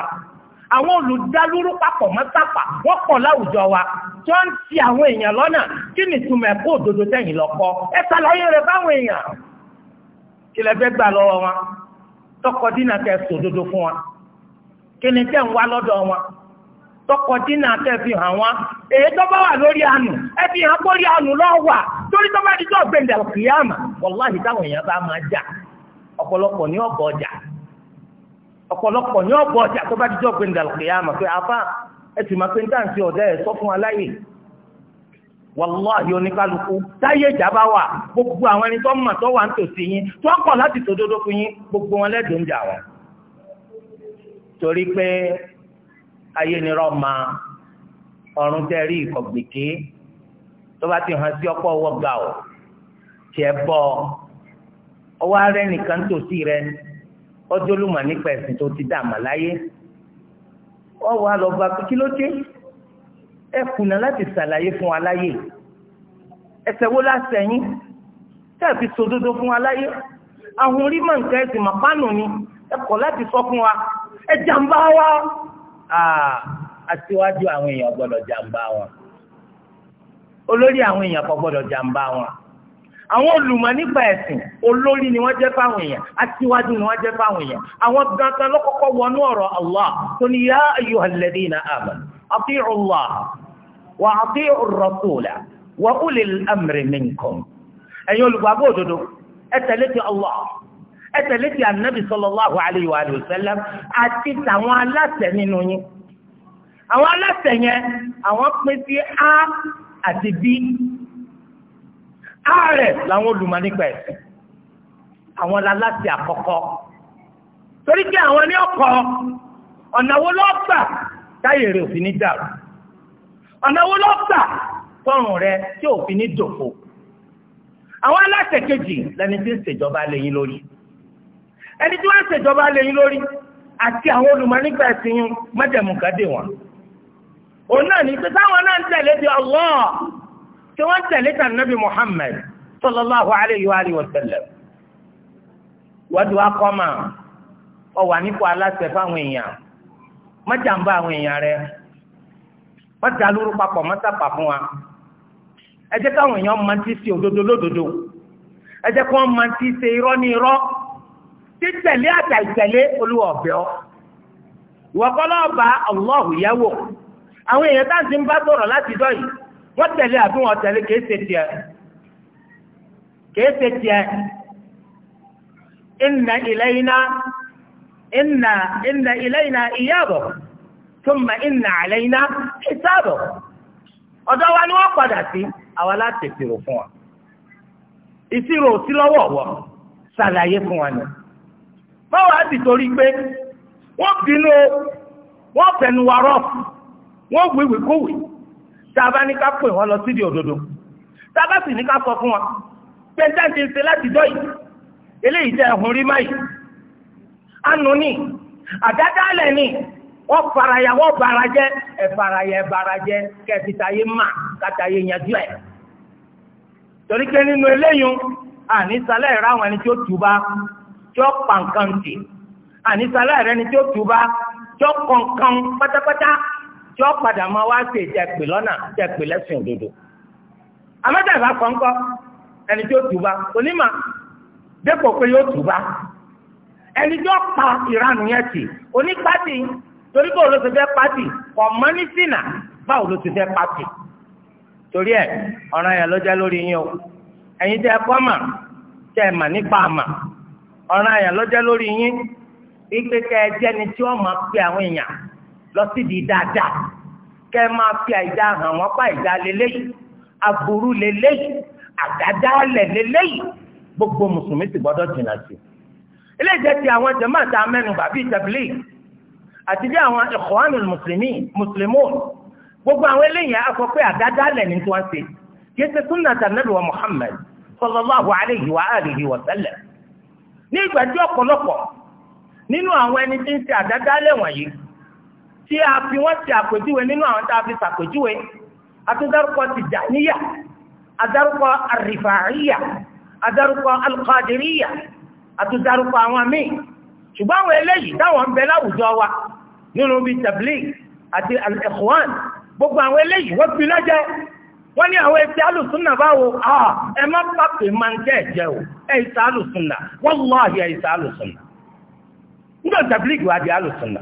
Speaker 1: àwọn olùdálúrú papọ̀ mọ́sápà wọ́n láwùjọ wa tí ń ti àwọn èèyàn lọ́nà kí ni ìtumọ̀ ẹ̀kọ́ òdodo tẹ̀yìn lọ́kọ́ ẹ ṣàlàyé rẹ̀ èèyàn kí lẹ gbà lọ́wọ́ wọn tọkọ dínà kẹ sòdodo fún wa tẹ̀ wá lọ́dọ̀ wọn wà lórí àánú ẹ hàn kórí àánú torí tó bá di tó gbẹ̀ndẹ̀ táwọn èèyàn bá máa jà ọ̀pọ̀lọpọ̀ ní ọ̀pọ̀lọpọ̀ ní ọ̀bọ̀ ọjà tó bá dijọ́ pé ndàlùkìyà mà pé afá ẹtù máa pé níta àti ọ̀dẹ́ ẹ̀ sọ fún aláyè wàláhì oníkálukú táyé ìjábá wà gbogbo àwọn ẹni tó mọ̀ tó wà ń tòsí yín tó ń pọ̀ láti tòdodo fún yín gbogbo wọn lẹ́dùn jà wọn. torí pé ayé ni rọ́ọ̀mà ọ̀run tẹ́ rí ìkọ̀gbìké tó bá ti hàn sí ọ̀pọ̀ owó ọwọ́ arẹ́ nìkan tòsí ọjọ́ olùmọ̀ nípa ẹ̀sìn tó ti dà mà láyé ọ wà lọ bá kí ló dé ẹ kùnà láti ṣàlàyé fún wa láyé ẹsẹ̀ wo lásẹ̀yìn tẹ́ ẹ fi sòdodo fún wa àwọn orí mọ̀ nǹkan ẹ̀sìn mà ni ẹ kọ̀ láti sọ fún wa ẹ jàǹbá wa aṣíwájú àwọn èèyàn gbọ́dọ̀ jàǹbá wọn olórí àwọn èèyàn kò gbọ́dọ̀ jàǹbá wọn àwọn olùmọ̀ nípa ẹ̀sìn olórí ni wọ́n jẹ́ fáwọn èèyàn aṣíwájú ni wọ́n jẹ́ fáwọn èèyàn àwọn gangan lọ́kọ́kọ́ wọnú ọ̀rọ̀ Allah tó ní yá ayyuhal ladina amanu ati'u Allah wa ati'u ar-rasula wa ulil amri minkum ẹ̀yin olùgbàgbọ́ òdodo ẹ tẹ̀lé ti Allah ẹ tẹ̀lé ti ààrẹ làwọn olùmọ̀ nípa ẹ̀ àwọn aláṣẹ àkọ́kọ́ torí pé àwọn ní ọkọ̀ ọ̀nà wo ló gbà táyé rẹ̀ òfin ní dàrú ọ̀nà wo ló gbà tọrùn rẹ̀ tí òfin ní dòfò àwọn aláṣẹ kejì lẹni tí ń ṣèjọba lẹ́yìn lórí ẹni tí wọ́n ń ṣèjọba lẹ́yìn lórí àti àwọn olùmọ̀ nípa ẹ̀sìn yín mọ́jẹ̀mú kan dè wọ́n òun náà ní pé táwọn náà ń tẹ̀lé di Allah tí wọ́n tẹ̀lé nabi nàbì Muhammad alayhi wa alihi wa wọ́n ti wá kọ́ mà ọ wà nípò aláṣẹ fáwọn èèyàn mọ́jàmbá àwọn èèyàn rẹ mọ́jà lóru papọ̀ mọ́sàpà fún wa ẹ jẹ́ káwọn èèyàn máa ti ṣe òdodo lódodo ẹ jẹ́ káwọn máa ti ṣe irọ́ ní irọ́ ọ yẹ̀wò àwọn èèyàn táǹtì ń bá wọ́n tẹ̀lé àbí wọ́n tẹ̀lé kìí tiẹ̀ kìí tiẹ̀ inna ilayna inna inna ilayna iyabọ̀ thumma inna wa ni wọ́n padà sí fún wa ìṣirò sí lọ́wọ́ wọ ṣàlàyé fún wa ni báwo á sì torí pé wọ́n bínú wọ́n fẹnu wa rọ́ọ̀fù wọ́n tá a bá ní ká pè wọ́n lọ sídìí òdodo tá a bá sì ní ká sọ fún wọn pẹ́ńtẹ́ǹtì ṣe láti dọ́ yìí eléyìí tẹ́ ẹ̀hún rí máyì ánú ni àdádálẹ̀ ni wọ́n faraya wọ́n barajẹ́ ẹ̀ faraya ẹ̀ barajẹ́ kẹ́ẹ̀tìtayé mà kátayé yanjú ẹ̀ torí pé nínú eléyìí ànísàlẹ̀ ìrà àwọn ẹni tí ó túbá tí ó pàǹkàǹtì ànísàlẹ̀ ìrà ẹni tí ó túbá tí ó kọ̀ǹkàn pátápátá. tí ó padà máa wá sí ìjà pè lọ́nà ìjà pè lẹ́sìn òdodo amẹ́tẹ̀ẹ̀fà kọ́ńkọ́ ẹni tí ó tùbá onímọ̀ dépò pé yóò tùbá ẹni tí ó pa ìranù yẹn tì onípàtì torí báwo ló ti pàtì ní sínà pàtì torí ẹ ọ̀ràn yẹn ló jẹ́ lórí yín o ẹ̀yin tẹ́ ẹ mà tẹ́ mà nípa àmà ọ̀ràn yẹn ló jẹ́ lórí yín wípé kẹ́ tí ó máa pe àwọn èèyàn lọ sí di dáadáa kẹ́ ẹ máa fi àìdá hàn wọ́n pa àìdá lélẹ́yìí aburú lélẹ́yìí àdádálẹ̀ lélẹ́yìí gbogbo mùsùlùmí ti gbọ́dọ̀ jìnnà sí i ilé ìjẹ́ ti àwọn jàmáà tá a mẹ́nu bàbí ìtẹ̀bílì àti bí àwọn Ikhwanul mùsùlùmí mùsùlùmùn gbogbo àwọn eléyìí á sọ pé àdádálẹ̀ ní tí wọ́n ṣe kì í ṣe sunnah Ànábì wa Muhammad sallallahu alayhi wa alihi wa sallam ní ìgbà tí ọ̀pọ̀lọpọ̀ nínú àwọn ẹni tí ń ṣe àdádálẹ̀ wọ̀nyí tí a fi wọ́n ti àpèjúwe nínú àwọn tá a fi ṣàpèjúwe atúndárúkọ tìjàníyà adárúkọ àrífàáríyà adárúkọ alukadiriya atúndárúkọ àwọn míì ṣùgbọ́n àwọn eléyìí táwọn ń bẹ láwùjọ wa nínú bíi tabligh àti al-ikhwan gbogbo àwọn eléyìí wọ́n fi lọ́jẹ́ wọ́n ní àwọn ẹ̀sẹ̀ alùsùnà báwo ẹ má pàpè máa ń jẹ́ ẹ̀jẹ̀ o ẹ̀sẹ̀ alùsùnà wallahi ẹ̀sẹ̀ alùsùnà nígbà tabligh wà di alùsùnà.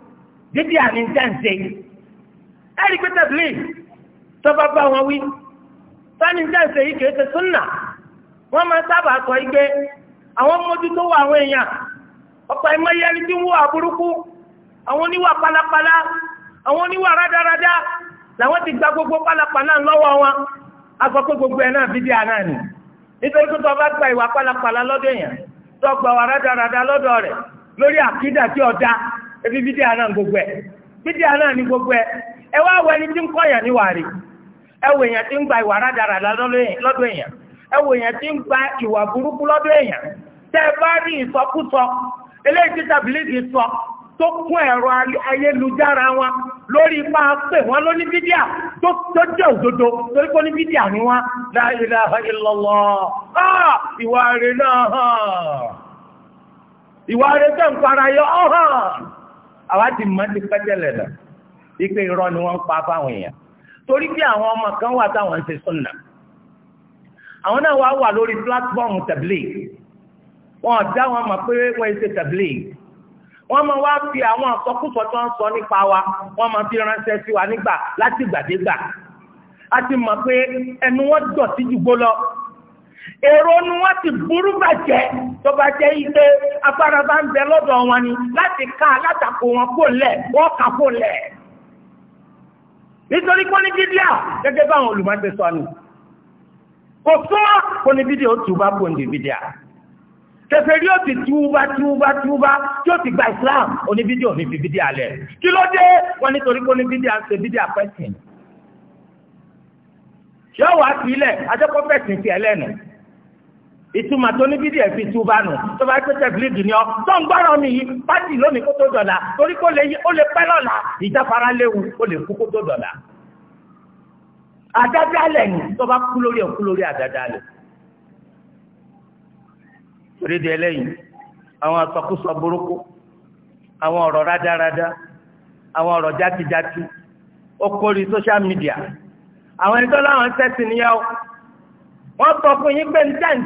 Speaker 1: dídí àní dáǹsẹ̀ ẹ̀rí pé tẹ̀blì tọ́ba bá wọn wí sani dáǹsẹ̀ yìí kìí ṣe súnà wọ́n máa sábà sọ yìí pé àwọn mójútó wà àwọn èèyàn ọ̀pọ̀ ẹ̀mọ́yé ẹni tí ń wọ àbúrúkú àwọn oníwà pálapàla àwọn oníwà rádaràdá làwọn ti gba gbogbo pálapàla lọ́wọ́ wọn agbọ pé gbogbo ẹ̀ náà dídí àná ni nítorí pé tọ́ba gba ìwà pálapàla lọ́dọ̀ ebi bidi náà gbogbo ni gbogbo ẹ wá wọ ẹni tí ń kọ̀yàn níwàárí ẹ èèyàn tí ń gba ìwà rádarà lọ́dọ̀ èèyàn ẹ wò èèyàn tí ń gba ìwà burúkú lọ́dọ̀ èèyàn bá rí ìsọkúsọ eléyìí sọ tó kún ẹ̀rọ ayélujára wọn lórí ipa pé wọ́n ló ní bídíà tó òdodo torí kó ní bídíà ni wọ́n la ilaha illallah ah! ìwà àwa ti mọ̀ ti pẹ́tẹ́lẹ̀ nà ipe irọ́ ni wọ́n ń pa fáwọn èèyàn torí pé àwọn ọmọ kan wà táwọn ń ṣe súnà àwọn náà wà wà lórí platform tabligh wọn dá wọn mọ̀ pé wọ́n ń ṣe tabligh wọ́n máa wá fi àwọn àsọkúsọ tó ń sọ nípa wa wọ́n máa fi ránṣẹ́ sí wa nígbà láti gbàdégbà a ti mọ̀ pé ẹnu wọn dọ̀tí jùgbó lọ èrò ni wọ́n ti burú bàjẹ́ tó bá jẹ́ ipe agbára bá ń bẹ lọ́dọ̀ wọn ni láti ká alátakò wọn kò lẹ̀ wọ́n kà kò lẹ̀. nítorí pé ní bídíà gẹ́gẹ́ bá àwọn olùmọ̀ọ́dé sọ ni kò súnmọ́ kò ní bídíà ó tù bá kò ní bídíà. kèfèrí ó ti túbá túbá túbá tí ó ti gba Islam oní bídíà ò ní fi bídíà lẹ̀ kí ló dé wọn nítorí pé ní bídíà ń ṣe bídíà pẹ́sìn. yóò wá sílẹ̀ ajẹ́kọ̀ọ́ pẹ̀sìn ti ẹlẹ́nu ìtumọ̀ tó ní bídíẹ̀ fi tú bá nù tó bá tó tẹ̀lé dùnìọ́ tó ń gbọ́rọ̀ mi yìí pátì lónìí kó tó dọ̀là torí kó lè ó lè pẹ́ lọ́la ìjáfara léwu ó lè kú kó tó dọ̀là. àdádálẹ̀ ni tó bá kú lórí òkú lórí àdádálẹ̀. torí di ẹlẹ́yìn àwọn àsọkúsọ burúkú àwọn ọ̀rọ̀ rádaràda àwọn ọ̀rọ̀ játijáti ó kórìí social media àwọn ẹni tó láwọn sẹ́sìn níyàwó wọ́n sọ fún yín pé níta ń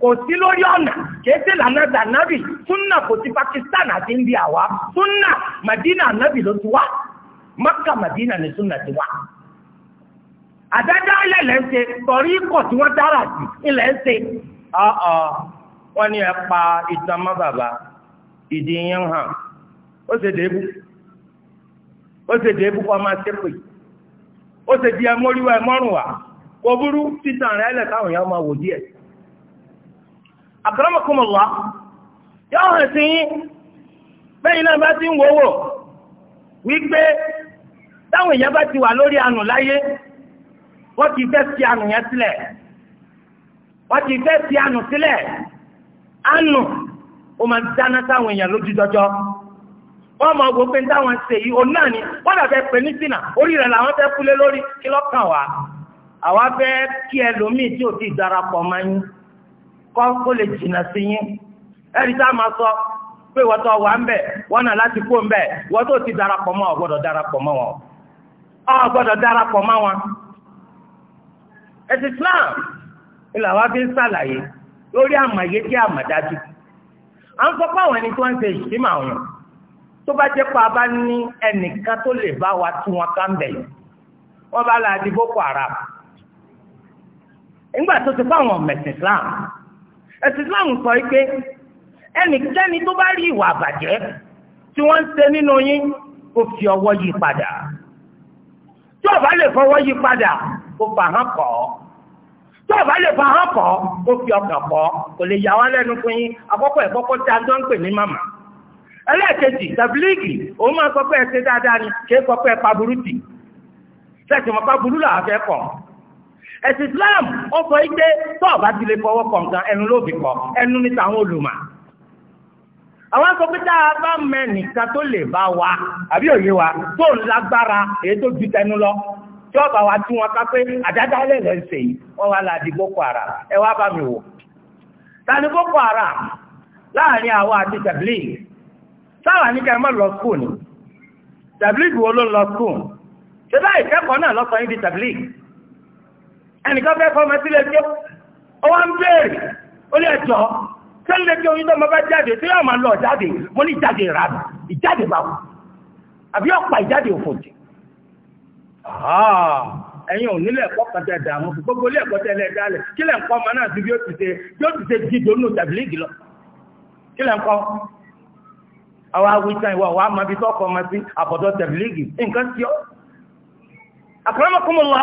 Speaker 1: kò sí lórí ọ̀nà lànà súnà kò sí Pakistan àti India wá súnà Madina ànàbì ló ti wá Maka Madina ni súnà ti wá. àdájá ilẹ̀ lẹ́ ń ṣe sọ̀rí ikọ̀ tí wọ́n dára sí ilẹ̀ ń wọ́n ní ẹ pa bàbá ìdí yẹn hàn ó ṣe ó ṣe kọ́ máa ṣépè wa. kò burú títàn rẹ̀ lẹ̀ káwọn èèyàn máa wò díẹ̀. yóò hàn sí bẹ́ẹ̀ náà bá ti ń wòwò wípé táwọn èèyàn bá ti wà lórí anù láyé wọ́n ti fẹ́ fi anù yẹn sílẹ̀ wọ́n ti fẹ́ fi àánú sílẹ̀ àánú ó máa dáná táwọn èèyàn lójú jọjọ wọ́n máa wò pé táwọn ṣe òun náà ni wọ́n dàbẹ̀ pè ní sínà orí rẹ̀ làwọn fẹ́ kúlé lórí kí lọ́kàn wá. àwa fẹ́ kí ẹlòmíì tí ò ti darapọ̀ máa yín kọ́ kó lè jìnnà sí yín ẹ̀rí tá a máa sọ pé wọ́n tó wà ń bẹ̀ wọ́n náà láti kó ń bẹ̀ wọ́n tó ti darapọ̀ mọ́ ọ̀gbọ́dọ̀ darapọ̀ mọ́ wọn darapọ̀ mọ́ wọn. ẹ̀sìn Islam ni làwa fi ń ṣàlàyé lórí àmàyé tí àmàdájú à ń sọ pé àwọn ẹni tí wọ́n ń ṣe ìṣímà wọn tó bá jẹ́ a bá ní ẹnìkan tó lè bá wa tún wọn ká ń bẹ̀ yìí wọ́n bá la nígbà tó ti fáwọn ọmọ Islam ẹ̀sìn Islam sọ pé ẹnikẹ́ni tó bá rí ìwà àbàjẹ́ tí wọ́n ń ṣe nínú yín kó fi ọwọ́ yí padà tí ó bá lè fọwọ́ yí padà kó fà hàn kọ́ tí ó bá lè fà hàn kọ́ kó fi ọkàn kọ́ kò lè yà wá lẹ́nu fún yín àkọ́kọ́ ẹ̀kọ́kọ́ tí a jọ ń pè ní màmá ẹlẹ́ẹ̀kejì tàbílíìkì òun máa sọ pé ẹ ṣe dáadáa ni kì í sọ pé ẹ pa burú tì mọ́ pa burú làwọn fẹ́ kọ̀ ẹ̀sìn Islam ọkọ̀ igbe tó ọ̀bá ti lè fọwọ́ kọ̀ọ̀kan ẹnu ló fi kọ̀ ẹnu ní tàwọn olùmọ̀ àwọn sọ pé tá a bá mẹ́nìkan tó lè bá wa àbí òye wa tó ń lágbára èyí tó ju tẹnu lọ tí ọba wa tí wọn ká pé àdáda lẹ́lẹ̀ ń sèyí wọn wá láti Boko Haram ẹ wá bá mi wò ta ni Boko Haram láàrin àwọn àti tablig sáwà ní ká ẹ má lọ skul ni tablig wo ló ń lọ skul ṣé báyìí kẹ́kọ̀ọ́ náà lọ́sọ̀ọ́ ẹnìkan fẹ́ fọmọ sílẹ̀ tí ó wá ń bèèrè ó lè jọ sẹ́lẹ̀ tí oyún tó mọ bá jáde tí yóò máa lọ jáde mo ní ìjáde ìrànà ìjáde báwo àbí ọ̀pá ìjáde òfò jì ẹ̀yin ò nílẹ̀ ẹ̀kọ́ kan tẹ dààmú fún gbogbo ilé ẹ̀kọ́ tẹ lẹ́ẹ̀ dálẹ̀ kí lẹ̀ ń kọ́ ọmọ náà sí bí ó ti ṣe bí ó ti ṣe jíjọ nínú tàbílíìgì lọ kí lẹ̀ ń kọ́ àwọn awitan ìwọ àwọn amabi tó kọ́ ọmọ sí àbọ̀dọ̀ tàbílíìgì nǹkan tí ó àkàràmọ́kùnmọ́ lọ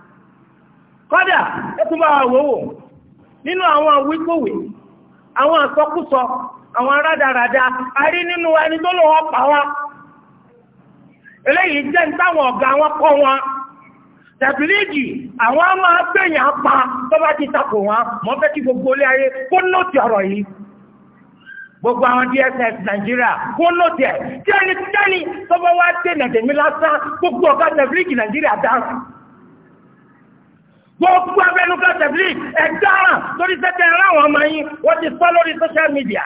Speaker 1: kọ́dà ẹkùn bá nínú àwọn wíkòwé àwọn àsọkúsọ àwọn rádaràda a nínú ẹni tó lọ́wọ́ pa wá eléyìí jẹ́ nítawọn ọ̀gá wọn kọ́ wọn àwọn a pa tó bá ti wọn mọ́ fẹ́ kí gbogbo ayé kó nóòtì ọ̀rọ̀ yìí gbogbo àwọn DSS Nàìjíríà kó nóòtì ẹ̀ tí ẹni tí ẹni gbogbo ọ̀gá Nàìjíríà dáhùn. gbogbo abẹnugbà tẹ̀lé ẹ̀dáràn lórí sẹ́tẹ̀ ráwọn ọmọ yín wọ́n ti sọ lórí social media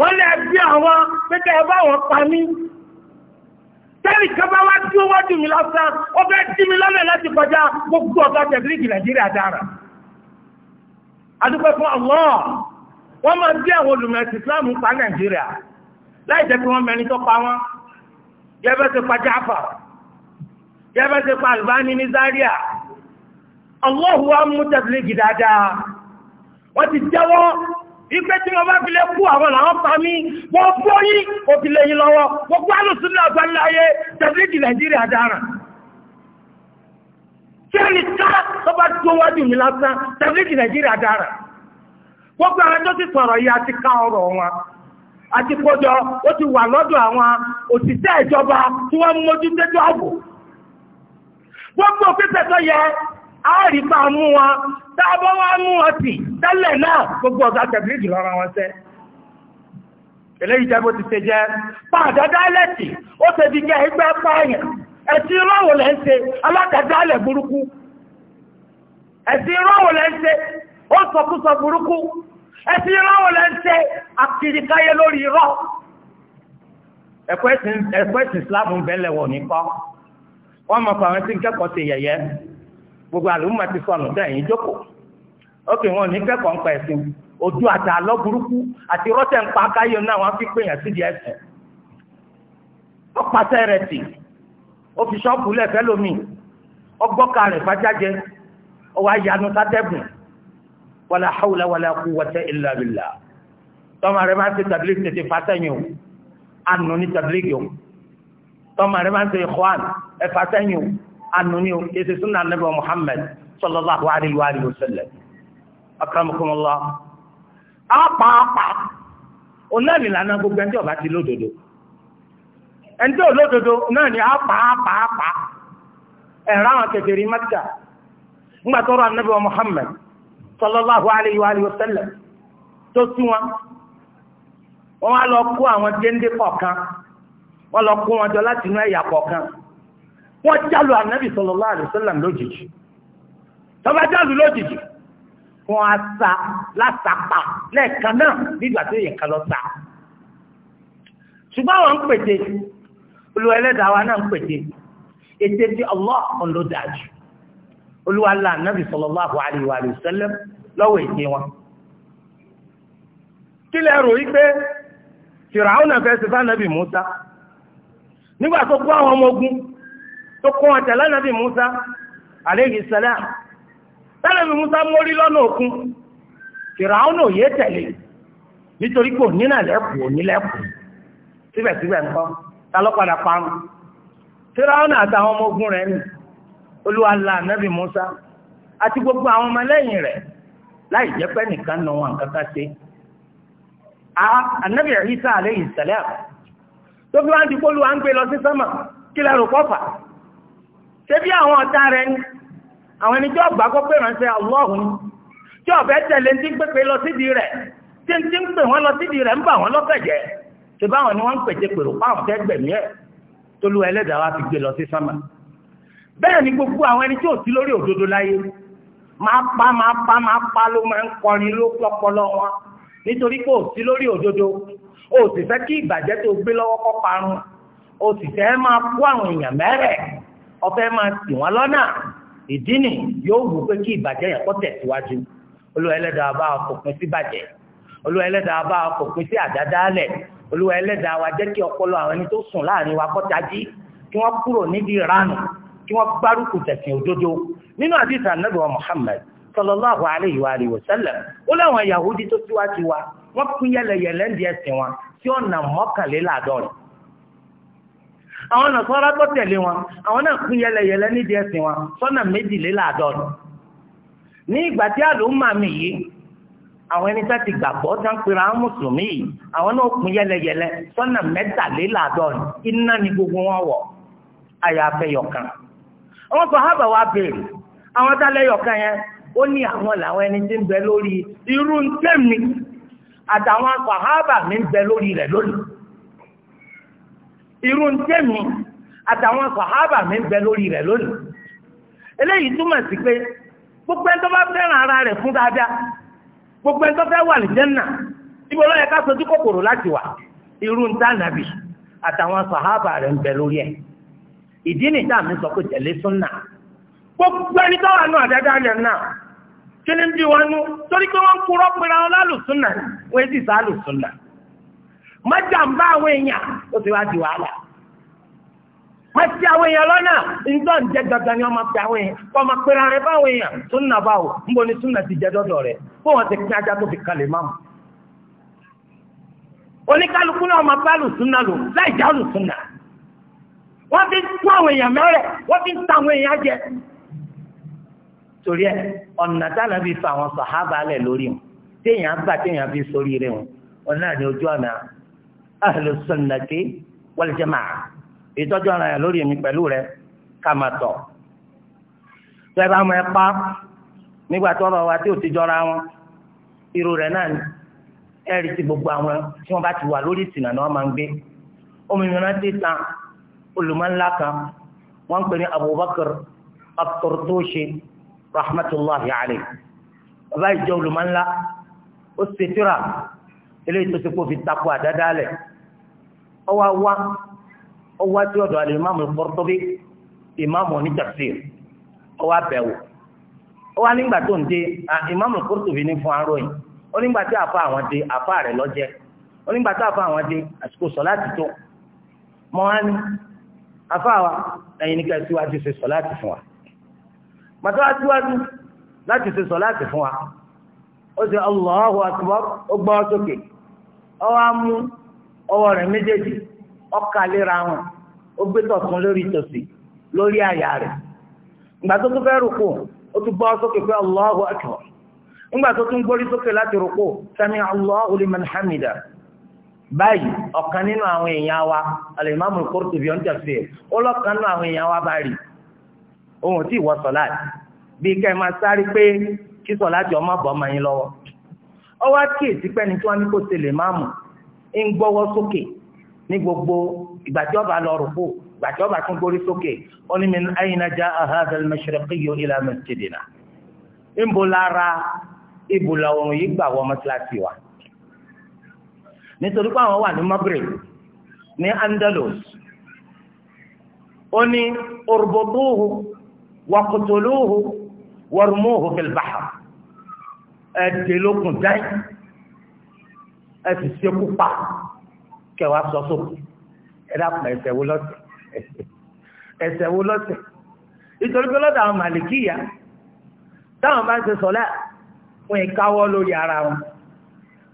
Speaker 1: wọ́n lè bí àwọn pẹ́tẹ́ ẹ bá wọn pa mí tẹ́lì kan bá wá tí ó wájú mi lásán ó fẹ́ dí mi lọ́nà láti kọjá gbogbo ọ̀gá tẹ̀lé nàìjíríà dára adúpẹ́ fún Allah wọ́n máa bí àwọn olùmọ̀ẹ̀sì Islam pa nàìjíríà láì jẹ́ pé wọ́n mẹ́rin tó pa wọ́n yẹ́bẹ́ ti pa Jáfà yẹ́bẹ́ ti pa Albani ní Zaria ọlọ́hu wa mú tẹ̀sílẹ̀gì dáadáa wọ́n ti jẹ́wọ́ ipe tí wọ́n bá fi lè kú àwọn làwọn pa wọ́n bóyí òfìlẹ̀yìn lọ́wọ́ gbogbo alùsùn náà gba láyé dára kẹ́ni ká tó bá nàìjíríà dára àti kójọ ó ti wà lọ́dọ̀ àwọn ìjọba tí wọ́n yẹ á rí pa mú wọn tá a bá wá mú wọn tì tẹ́lẹ̀ náà gbogbo ọ̀gá tẹ̀blígì lọ́ra wọn sẹ́ eléyìí jẹ́ bó ti ṣe jẹ́ pàdé dálẹ́tì ó ṣe di jẹ́ ẹgbẹ́ pààyàn ẹ̀sìn rọ́wọ̀ lẹ́ ń ṣe alákàdálẹ̀ burúkú ẹ̀sìn rọ́wọ̀ lẹ́ ń ṣe ó sọkúsọ burúkú ẹ̀sìn lórí wọ̀ gbogbo àlùmọ́ ti sọnù tẹ̀ ẹ̀yìn jókòó ókè wọn ò ní kẹ́kọ̀ọ́ ń pa ẹ̀sìn ojú àti àlọ́ burúkú àti rọ́tẹ̀ ń pa akáyọ̀ náà wọ́n á fi pèèyàn sídìí ẹ̀sìn ọ̀pàṣẹ rẹ̀ tì ó fi ṣọ́ọ̀bù lẹ́fẹ̀ẹ́ lómi ọgbọ́ka rẹ̀ fàjájẹ ọwọ́ ayanu sátẹ́gùn wàlà hàwùlà wàlà kú wọ́tẹ́ ìlàbìlà tọ́mà rẹ̀ máa ń ṣe tàbílíkì tètè fàtẹ́yìn o ànú ní tàbílíkì o tọ́mà rẹ̀ máa ń anuni o kese sunna nabi wa muhammad sallallahu alayhi wa alihi wa sallam akramakumullah apaapa onáàlì lànà gbogbo ẹni tí ti muhammad sallallahu wa alihi lọ àwọn kọ̀ọ̀kan lọ wọn jọ láti inú ẹ̀yà wọ́n jálù ànábì sallallahu alaihi wasallam lójijì tọ́ba jálù lójijì wọ́n á sa lásàpà lẹ́ẹ̀kan náà nígbà tó yẹ kan lọ sa ṣùgbọ́n àwọn ń pète olúwa ẹlẹ́dàá wa náà ń pète ètè tí Allah ọ̀n olúwa la ànábì sallallahu alaihi wasallam lọ́wọ́ ètè wọn kílẹ̀ rò yí pé Fìràwọn náà fẹ́ sèfà ànábì Mùsá nígbà tó kó àwọn ọmọ ogun tó kó wọn tẹ̀lé nàbì Musa aleyhi salam tẹ́lẹ̀bì Musa mórí lọ́nà òkun Fìràwọn òye tẹ̀lé nítorí pé ònínà lẹ́kùn ònílẹ́kùn síbẹ̀síbẹ̀ ńkọ́ ta ló padà parun àtàwọn ọmọ ogun rẹ̀ ni Olúwa là nàbì Musa àti gbogbo àwọn ọmọlẹ́yìn rẹ̀ láì jẹ́ pé nìkan nà wọn kankan ṣe. Ànábì Ìsá alayhi salam tó fi wá ń dikó lu à ń gbé lọ sí sánmà kí lẹ́rù kọ́fà ṣebí àwọn ọ̀tá rẹ̀ ni àwọn ẹni tí ọgbà kọ́ pé ránṣẹ́ ọlọ́hun tí ọ̀bẹ tẹ̀lé ń ti ń pépé lọ sídìí rẹ̀ tí ń ti ń pè wọ́n lọ sídìí rẹ̀ ń bà wọ́n lọ́kẹ̀jẹ́ ṣe báwọn ni wọ́n ń pèjẹ pèrò fáwọn tẹ́ gbẹ̀mí ẹ̀ tó lu ẹlẹ́dàá wa fi gbé lọ sí sánmà bẹ́ẹ̀ ni gbogbo àwọn ẹni tí ò sí lórí òdodo láyé máa pa máa pa máa pa ló máa ń kọrin ló pọpọlọ wọn nítorí pé ò sí lórí òdodo ó sì fẹ́ kí ìbàjẹ́ tó gbé lọ́wọ́ kó parun ó sì fẹ́ máa kó àwọn èèyàn mẹ́rẹ̀ẹ́ ọfẹ́ máa tì wọ́n lọ́nà ìdí nì yóò wù pé kí ìbàjẹ́ yẹn kó tẹ̀síwájú olúwa ẹlẹ́dàá bá wa fòpin sí bàjẹ́ olúwa ẹlẹ́dàá bá wa fòpin sí àdádálẹ̀ olúwa ẹlẹ́dàá wa jẹ́ kí ọpọlọ àwọn ẹni tó sùn láàrin wa kó tají kí wọ́n kúrò níbi ìranù kí wọ́n gbárùkù tẹ̀sìn òdodo nínú àdìsá nàbẹ̀ wa Muhammad sallallahu alayhi wa alihi wa sallam ó láwọn Yahudi tó síwájú wa wọ́n pín yẹlẹyẹlẹ ń di ẹ̀sìn wọn tí ọ̀nà àwọn nàṣọ́rọ́ tó tẹ̀lé wọn àwọn náà pín yẹlẹyẹlẹ nídìí ẹ̀sìn wọn sọ́nà méjìléláàádọ́rin ní ìgbà tí mi yìí àwọn ẹni tá ti gbàgbọ́ tá ń pera mùsùlùmí yìí àwọn náà pín yẹlẹyẹlẹ sọ́nà iná ni gbogbo wọn wọ̀ béèrè àwọn tálẹ́yọ̀kan yẹn ó ní àwọn làwọn ẹni tí ń bẹ lórí irú ń tẹ̀mí àtàwọn mi ń bẹ lórí rẹ̀ irun tẹ́mi àtàwọn sàhábà mi ń bẹ lórí rẹ̀ lónìí eléyìí túmọ̀ sí pé gbogbo ẹni tó bá fẹ́ràn ara rẹ̀ fún dáadáa gbogbo ẹni tó fẹ́ wà ní jẹ́nà ibo ló yẹ ká sojú kòkòrò láti wà irun tá nàbì àtàwọn sàhábà rẹ̀ ń bẹ lórí ẹ̀ ìdí nìta mi sọ pé tẹ̀lé súnà gbogbo ẹni tó wà nù àdáadáa rẹ̀ náà kí ni bí wọn nú torí pé wọn kúrọ́ pera wọn lálùsùnà wọn èsì sálùsùnà má jàǹbá àwọn èèyàn ó ti wá di wàhálà má ti àwọn èèyàn lọ́nà nǹkan ń jẹ́ dandan ni wọ́n máa fi àwọn èèyàn kọ́ máa pera rẹ báwọn èèyàn tó ń nà bá o ń bo ni súnà ti jẹ́ dọ́dọ̀ rẹ̀ fún wọn ti pín ajá tó fi kalẹ̀ máa mu. oníkálukú náà máa bá lùsúnà lò láì já lùsúnà wọ́n fi ń tún àwọn èèyàn mẹ́rẹ̀ wọ́n fi ń ta àwọn èèyàn jẹ. torí ẹ ọ̀nà táwọn fi fa àwọn sàhábà lẹ̀ lórí wọn téèyàn gbà téèyàn fi sórí rẹ̀ wọn ọ̀nà ni ojú ọ̀nà ahlus sunnati wal jama'a ìtọ́jú ọ̀ràn yẹn lórí mi pẹ̀lú rẹ ká máa tọ̀ tẹ́ bá mọ ẹ pa nígbà tọrọ wa tí ò ti jọra wọn irú rẹ náà ni ẹ̀rí tí gbogbo àwọn tí wọ́n bá ti wà lórí ìsìnà náà máa ń gbé òmìnira ti tan olùmọ̀nlá kan wọ́n ń pè ní Abubakar at rahmatulahi alayhi bàbá ìjọ olùmọ̀nlá ó ṣe tíra eléyìí tó ti kó fi takò àdádálẹ̀ ọwá wá ọwá tí ọ̀dọ̀ àlè ìmáàmù Qurtubi ìmáàmù ní tafsir ọwá bẹ̀wò ọwá nígbà tó ń dé ìmáàmù Qurtubi ní fún aróyìn ó nígbà tí àfa àwọn dé àfa rẹ̀ lọ́jẹ́ ó nígbà tí àfa àwọn dé àsìkò sọ láti tó mọ́ wá ní àfa wa ẹ̀yin ní síwájú ṣe sọ láti fún wa màtọ́ wá síwájú láti ṣe sọ láti fún wa ó ṣe Allahu akbar ó gbọ́ sókè ọwọ́ á mú ọwọ́ rẹ̀ méjèèjì ọkà léra wọn ó gbé tọ̀tún lórí tòsì lórí àyà rẹ̀ ìgbà tó tún fẹ́ rúkú ó tún gbọ́ sókè pé Allahu akbar ìgbà tó tún gbórí sókè láti Allahu báyìí ọ̀kan nínú àwọn èèyàn wa alimami ọlọ́kan nínú àwọn èèyàn wa bá rí ohun tí ìwọ sọ láti bí ká ẹ máa sáré pé kí sọ láti ọmọ bọ́ ọmọ yín lọ́wọ́ ọwọ́ ń gbọ́wọ́ sókè ní gbogbo ìgbàjọba lọ́rùn kù ìgbàjọba tún gbórí sókè ó ní min ayna jaa hadha al-mashriqiyyu ila masjidina ń bo lára ibùlà oòrùn yìí gbà wọ mọ́sálásí wa nítorí pé àwọn wà ní Maghrib ní Andalus ó ní urbutuhu waqtuluhu warmuhu fil ẹ̀ẹ́dẹ́lókun dáì ẹ sì ṣe kú pa kẹwàá sọ sókè ẹ dákun ẹsẹ̀ wo lọ́tẹ̀ ẹsẹ̀ wo lọ́tẹ̀ nítorí pé lọ́dọ̀ àwọn màlìkíyà táwọn bá ń ṣe sọ́lá fún ìkáwọ́ lórí ara wọn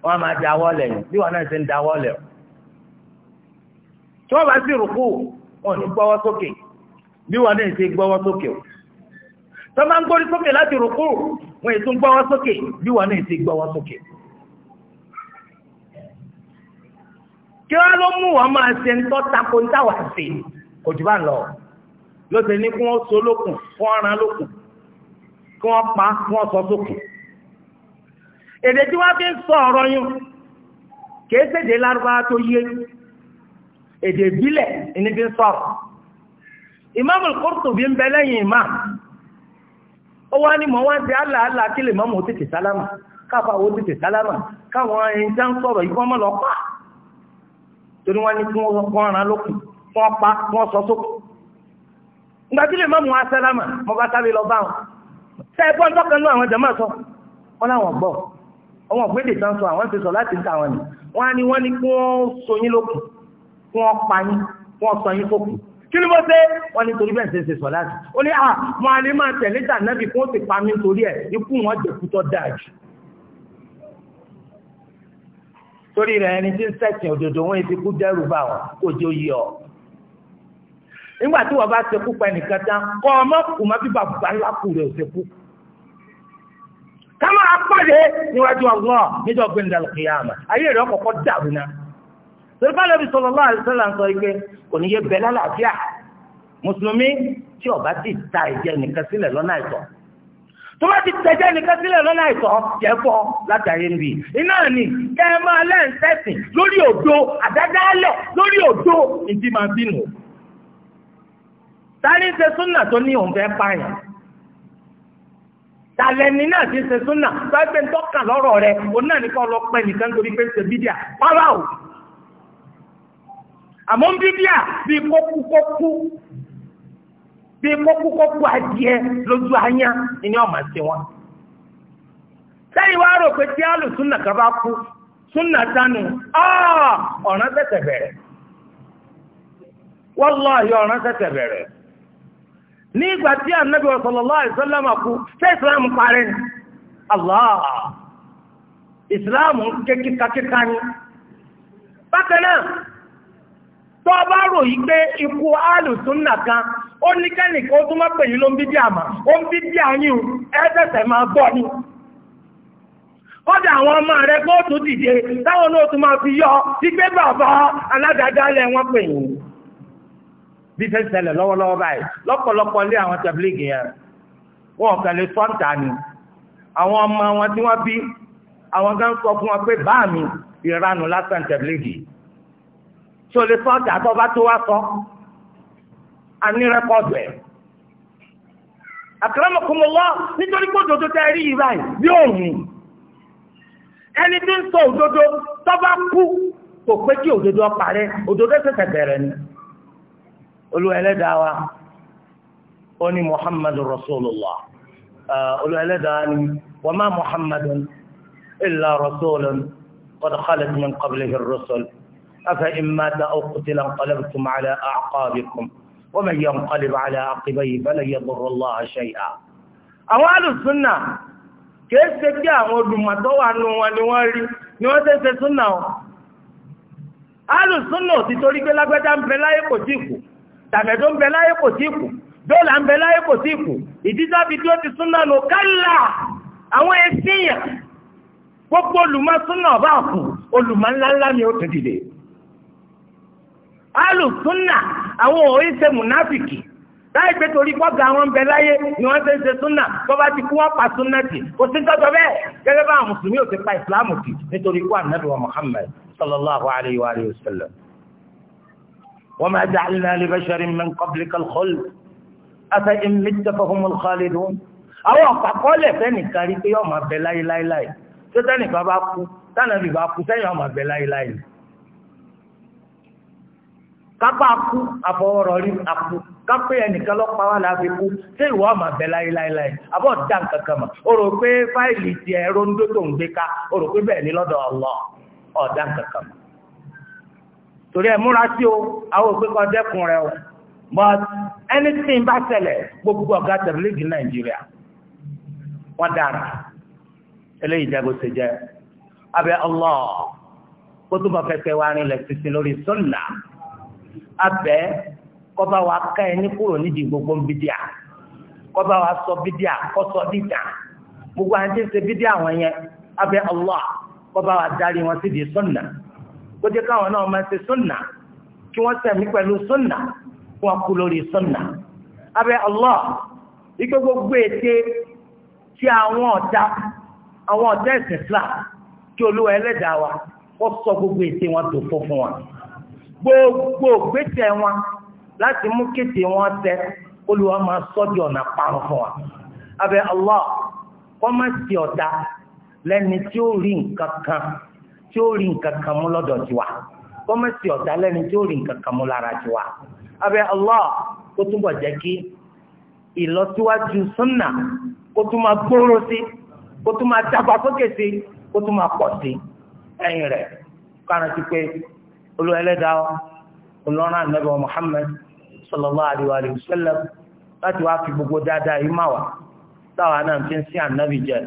Speaker 1: wọ́n máa di awọ́ bí wọ́n náà ṣe ń da lẹ̀ tí wọ́n bá sì rùkú wọn ní gbọ́wọ́ sókè bí wọ́n náà ṣe gbọ́wọ́ sókè o tí wọ́n bá ń gbórí sókè láti rùkú wọn èso gbọ́wọ́ sókè bí wọ́n náà ṣe gbọ́wọ́ sókè kí wọ́n ló mú wọn máa ṣe ń tọ́ tako ń táwà ṣe kò jù bá lọ ló ṣe ní kí wọ́n so lókun kí wọ́n ran lókun kí wọ́n pa kí wọ́n sọ sókun èdè tí wọ́n fi ń sọ ọ̀rọ̀ yún kìí ṣèdè lárúbáwá tó yé èdè ìbílẹ̀ ní fi ń sọ̀rọ̀ ìmáàmù Qurtubi ń bẹ lẹ́yìn ìmáàmù ó wá ní mọ̀ wá ń ṣe kí lè mọ́mù ó tètè sálámà káfà ó tètè sálámà káwọn ẹni tí wọ́n sọ̀rọ̀ yìí torí wọ́n ní kí wọ́n ràn lókun kí wọ́n pa kí wọ́n sọ sókè. ìgbà tí lè má mú wa sálámà mo bá sáré lọ bá wọn. ṣé ẹ gbọ́n tọ́kan ní àwọn jàmá sọ wọn láwọn gbọ́ ọmọ ògbédè tán sọ àwọn ti sọ láti ń ta àwọn nì wọn á ní wọn ní kí wọ́n so yín lókun kí wọ́n pa yín kí wọ́n sọ yín sókè kí ni mo ṣe wọn ní torí bẹ́ẹ̀ ṣe ṣe sọ láti ó ní à mo àlè máa tẹ̀lé tà náà bí kí wọ́n ti pa mí torí ẹ̀ ikú wọn jẹ̀kú tó dáa jù torí rẹ̀ ẹni tí ń sẹ̀sìn òdodo wọn èsì kú dẹ́rù bá wọn kó ọ. nígbà tí wọ́n bá pa ẹnìkan tán kọ́ ọmọ kù má bíbá bùbá ńlá rẹ̀ ò ká máa pàdé níwájú ọgbọ́n níjọ́ gbẹ̀ndàlù ayé rẹ̀ dàrú torí lọ́wọ́ ń sọ kò ní yé bẹ́ẹ̀ lálàáfíà mùsùlùmí tí ti tó bá ti tẹ̀jẹ́ nìkan sílẹ̀ lọ́nà àìsàn jẹ́fọ́ látàrí ń bì iná ni kẹ́ ẹ máa lẹ́ǹsẹ̀sìn lórí òdo àdádálẹ̀ lórí òdo ìdí máa bínú. sáré ń ṣe súnà tó ní òun fẹ́ pààyàn tàlẹ́ni náà ti ṣe súnà gbẹ́gbẹ́ ń tọ́ka lọ́rọ̀ rẹ̀ òun náà nìkan lọ pẹ́ nìkan torí pé ń ṣe bídíà pàrọ̀ àmọ́ ń bídíà bíi kókú kókú bí kọ́kúkọ́ kú adìẹ lójú anya ni ọmọ sí wọn. sẹ́yìn wá rò pé tí àlù súnà kan kú súnà dánù ọ̀ràn tẹ̀tẹ̀ bẹ̀rẹ̀ wallahi ọ̀ràn tẹ̀tẹ̀ bẹ̀rẹ̀ ní ìgbà tí ànábì sallallahu alaihi wasallam ṣé ìsìlámù parẹ́ ni allah ìsìlámù kékíkakíká ni bákan náà tó o ó ní kẹ́nìkan ó tún má pè yí ló ń bí díà mà ó ń bí díà yín ẹ́sẹ̀sẹ̀ máa bọ́ ni kọ́dà àwọn ọmọ rẹ̀ kó tún dìde táwọn náà tún máa fi yọ sí pé bàbá aládàádálẹ̀ wọn pè yín bí fẹ́ ṣẹlẹ̀ lọ́wọ́lọ́wọ́ báyìí lọ́pọ̀lọpọ̀ lé àwọn tẹ̀blígì yẹn wọn kàn lè sọ́ǹtà ni àwọn ọmọ wọn tí wọ́n bí àwọn gan sọ fún wọn pé báà mi ìranù lásán tẹ̀blígì tó lè sọ́ǹtà tó bá tó wá sọ a ní rẹ́kọ̀dù ẹ̀. àkàràmọ̀kùnmọ̀lá nítorí pé òdodo tẹ́ rí yìí báyìí bí òun ẹni tí ń sọ òdodo tó bá kú kò pé kí òdodo parẹ́ òdodo ṣẹ̀ṣẹ̀ bẹ̀rẹ̀ ni olúwa ẹlẹ́dàá wa ó ní muhammadu rasulullah olúwa ẹlẹ́dàá ni wa ma muhammadun illa rasulun qad khalat min qablihi ar-rusul afa in mata aw qutila inqalabtum ala a'qabikum. ومن ينقلب على عقبيه فلن يضر الله شيئا àwọn alùsùnà kìí ṣe bí àwọn olùmọ̀tọ́ wà nù wọn ni wọ́n rí ni wọ́n ṣe ń ṣe súnà wọn alùsùnà ò ti torí pé lágbájá ń bẹ láyé kò tí kù tàmẹ̀dó ń bẹ láyé kò tí kù dọ́là ń bẹ láyé kò tí kù ìdíjà bíi tí ó ti súnà nù kálà àwọn ẹ̀sìn yẹn gbogbo olùmọ̀ súnà ọba kù olùmọ̀ ńláńlá ni ó ti dìde alùsúnà àwọn òye ṣe mùnáfìkì láì pé torí pọ́gà wọn bẹ láyé ni wọ́n ṣe ń ṣe súnà tó bá ti kú wọ́n pa súnà tì kò sí tọ́jọ́ bẹ́ẹ̀ gẹ́gẹ́ bá àwọn mùsùlùmí ò ti pa ìsìláàmù tì nítorí kú ànábì wa Muhammad sallallahu alayhi wa alihi wa sallam. wa ma ja'alna li basharin min qablika al-khuld afa in mitta fahumul àwọn àpàkọ́lẹ̀ fẹ́ nìkan rí pé yóò kápá kú àfọwọ́rọ̀ rí àpò kápé ẹnìkan lọ́pàá wà láti kú tí ìwọ àmà bẹ̀ láíláíláí àbọ̀ dá nǹkan kan mọ̀ o rò pé fáìlì tiẹ̀ rondó tó ń gbé ká o rò pé bẹ́ẹ̀ ni lọ́dọ̀ Allah ọ̀ dá nǹkan kan mọ̀ torí ẹ̀ múra sí o àwọn òpin kan dẹ́kun rẹ o but anything bá ṣẹlẹ̀ gbogbo ọ̀gá tẹ̀lẹ́gì nàìjíríà wọ́n dára eléyìí jẹ́ bó ṣe jẹ́ abẹ́ Allah kó tó bá fẹsẹ̀ wá rìn lẹ̀ sunnah abẹ́ kọba wa ká ẹni kúrò nídìí gbogbo bídíà kọba wa sọ bídíà kọsọ dídà gbogbo àwọn ṣe bídíà wọn yẹn abẹ́ Allah wa wọn sí di sunna kó jẹ́ káwọn náà máa ṣe sunna kí wọ́n sẹ̀mí pẹ̀lú sunna kí wọ́n kú lórí abẹ́ Allah ikú gbogbo ète tí àwọn ọ̀tá àwọn ọ̀tá ẹ̀sìn Islam kí Olúwa ẹlẹ́dàá wa sọ gbogbo ète wọn tó fún gbogbo gbèsè wọn láti mú kété wọn tẹ olùwà máa sọ́jú ọ̀nà parun fún wa abẹ Allah kọ́ má ti lẹ́ni tí ó rí nǹkan kan tí ó rí nǹkan kan mú lọ́dọ̀ tiwa kọ́ má ti ọ̀dà lẹ́ni tí ó rí nǹkan kan mú lára tiwa abẹ Allah kó túbọ̀ jẹ́ kí ìlọsíwájú súnà kó tún máa sí kó tún máa sí kó tún máa olú ẹlẹ́dàá ọlọ́run ànábì Muhammad sallallahu alaihi wa sallam láti wá fi gbogbo dáadáa yìí máa wà táwa náà ti ń sí ànábì jẹ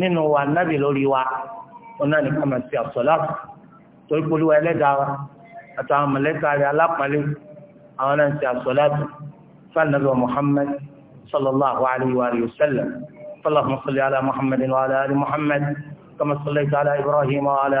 Speaker 1: nínú wa ànábì lórí wa wọn náà nìkan máa ṣe àsọlá torí polówó ẹlẹ́dàá wa àtàwọn mọ̀lẹ́ka rẹ̀ alápàlẹ́ àwọn náà ṣe àsọlá fànàbì Muhammad sallallahu alaihi wa sallam fọlọ́fún sọlẹ̀ ala Muhammadin wa ala ali Muhammad kama sọlẹ̀ ala Ibrahim wa ala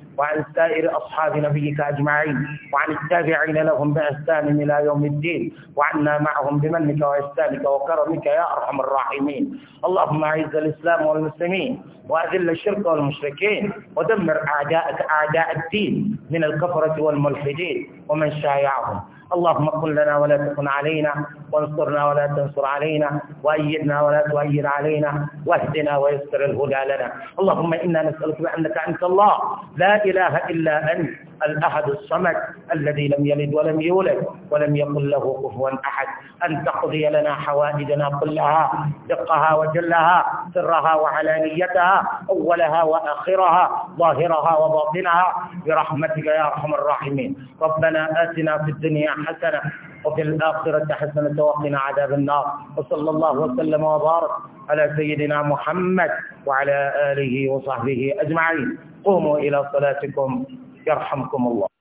Speaker 1: وعن سائر أصحاب نبيك أجمعين وعن التابعين لهم بإحسان إلى يوم الدين وعنا معهم بمنك وإحسانك وكرمك يا أرحم الراحمين اللهم أعز الإسلام والمسلمين وأذل الشرك والمشركين ودمر أعداءك أعداء الدين من الكفرة والملحدين ومن شايعهم اللهم كن لنا ولا تكن علينا وانصرنا ولا تنصر علينا وأيدنا ولا تؤيد علينا واهدنا ويسر الهدى لنا اللهم إنا نسألك بأنك أنت الله لا إله إلا أنت الأحد الصمد الذي لم يلد ولم يولد ولم يكن له كفوا أحد أن تقضي لنا حوائجنا كلها دقها وجلها سرها وعلانيتها أولها وآخرها ظاهرها وباطنها برحمتك يا أرحم الراحمين ربنا آتنا في الدنيا حسنة وفي الآخرة حسنة وقنا عذاب النار وصلى الله وسلم وبارك على سيدنا محمد وعلى آله وصحبه أجمعين قوموا إلى صلاتكم يرحمكم الله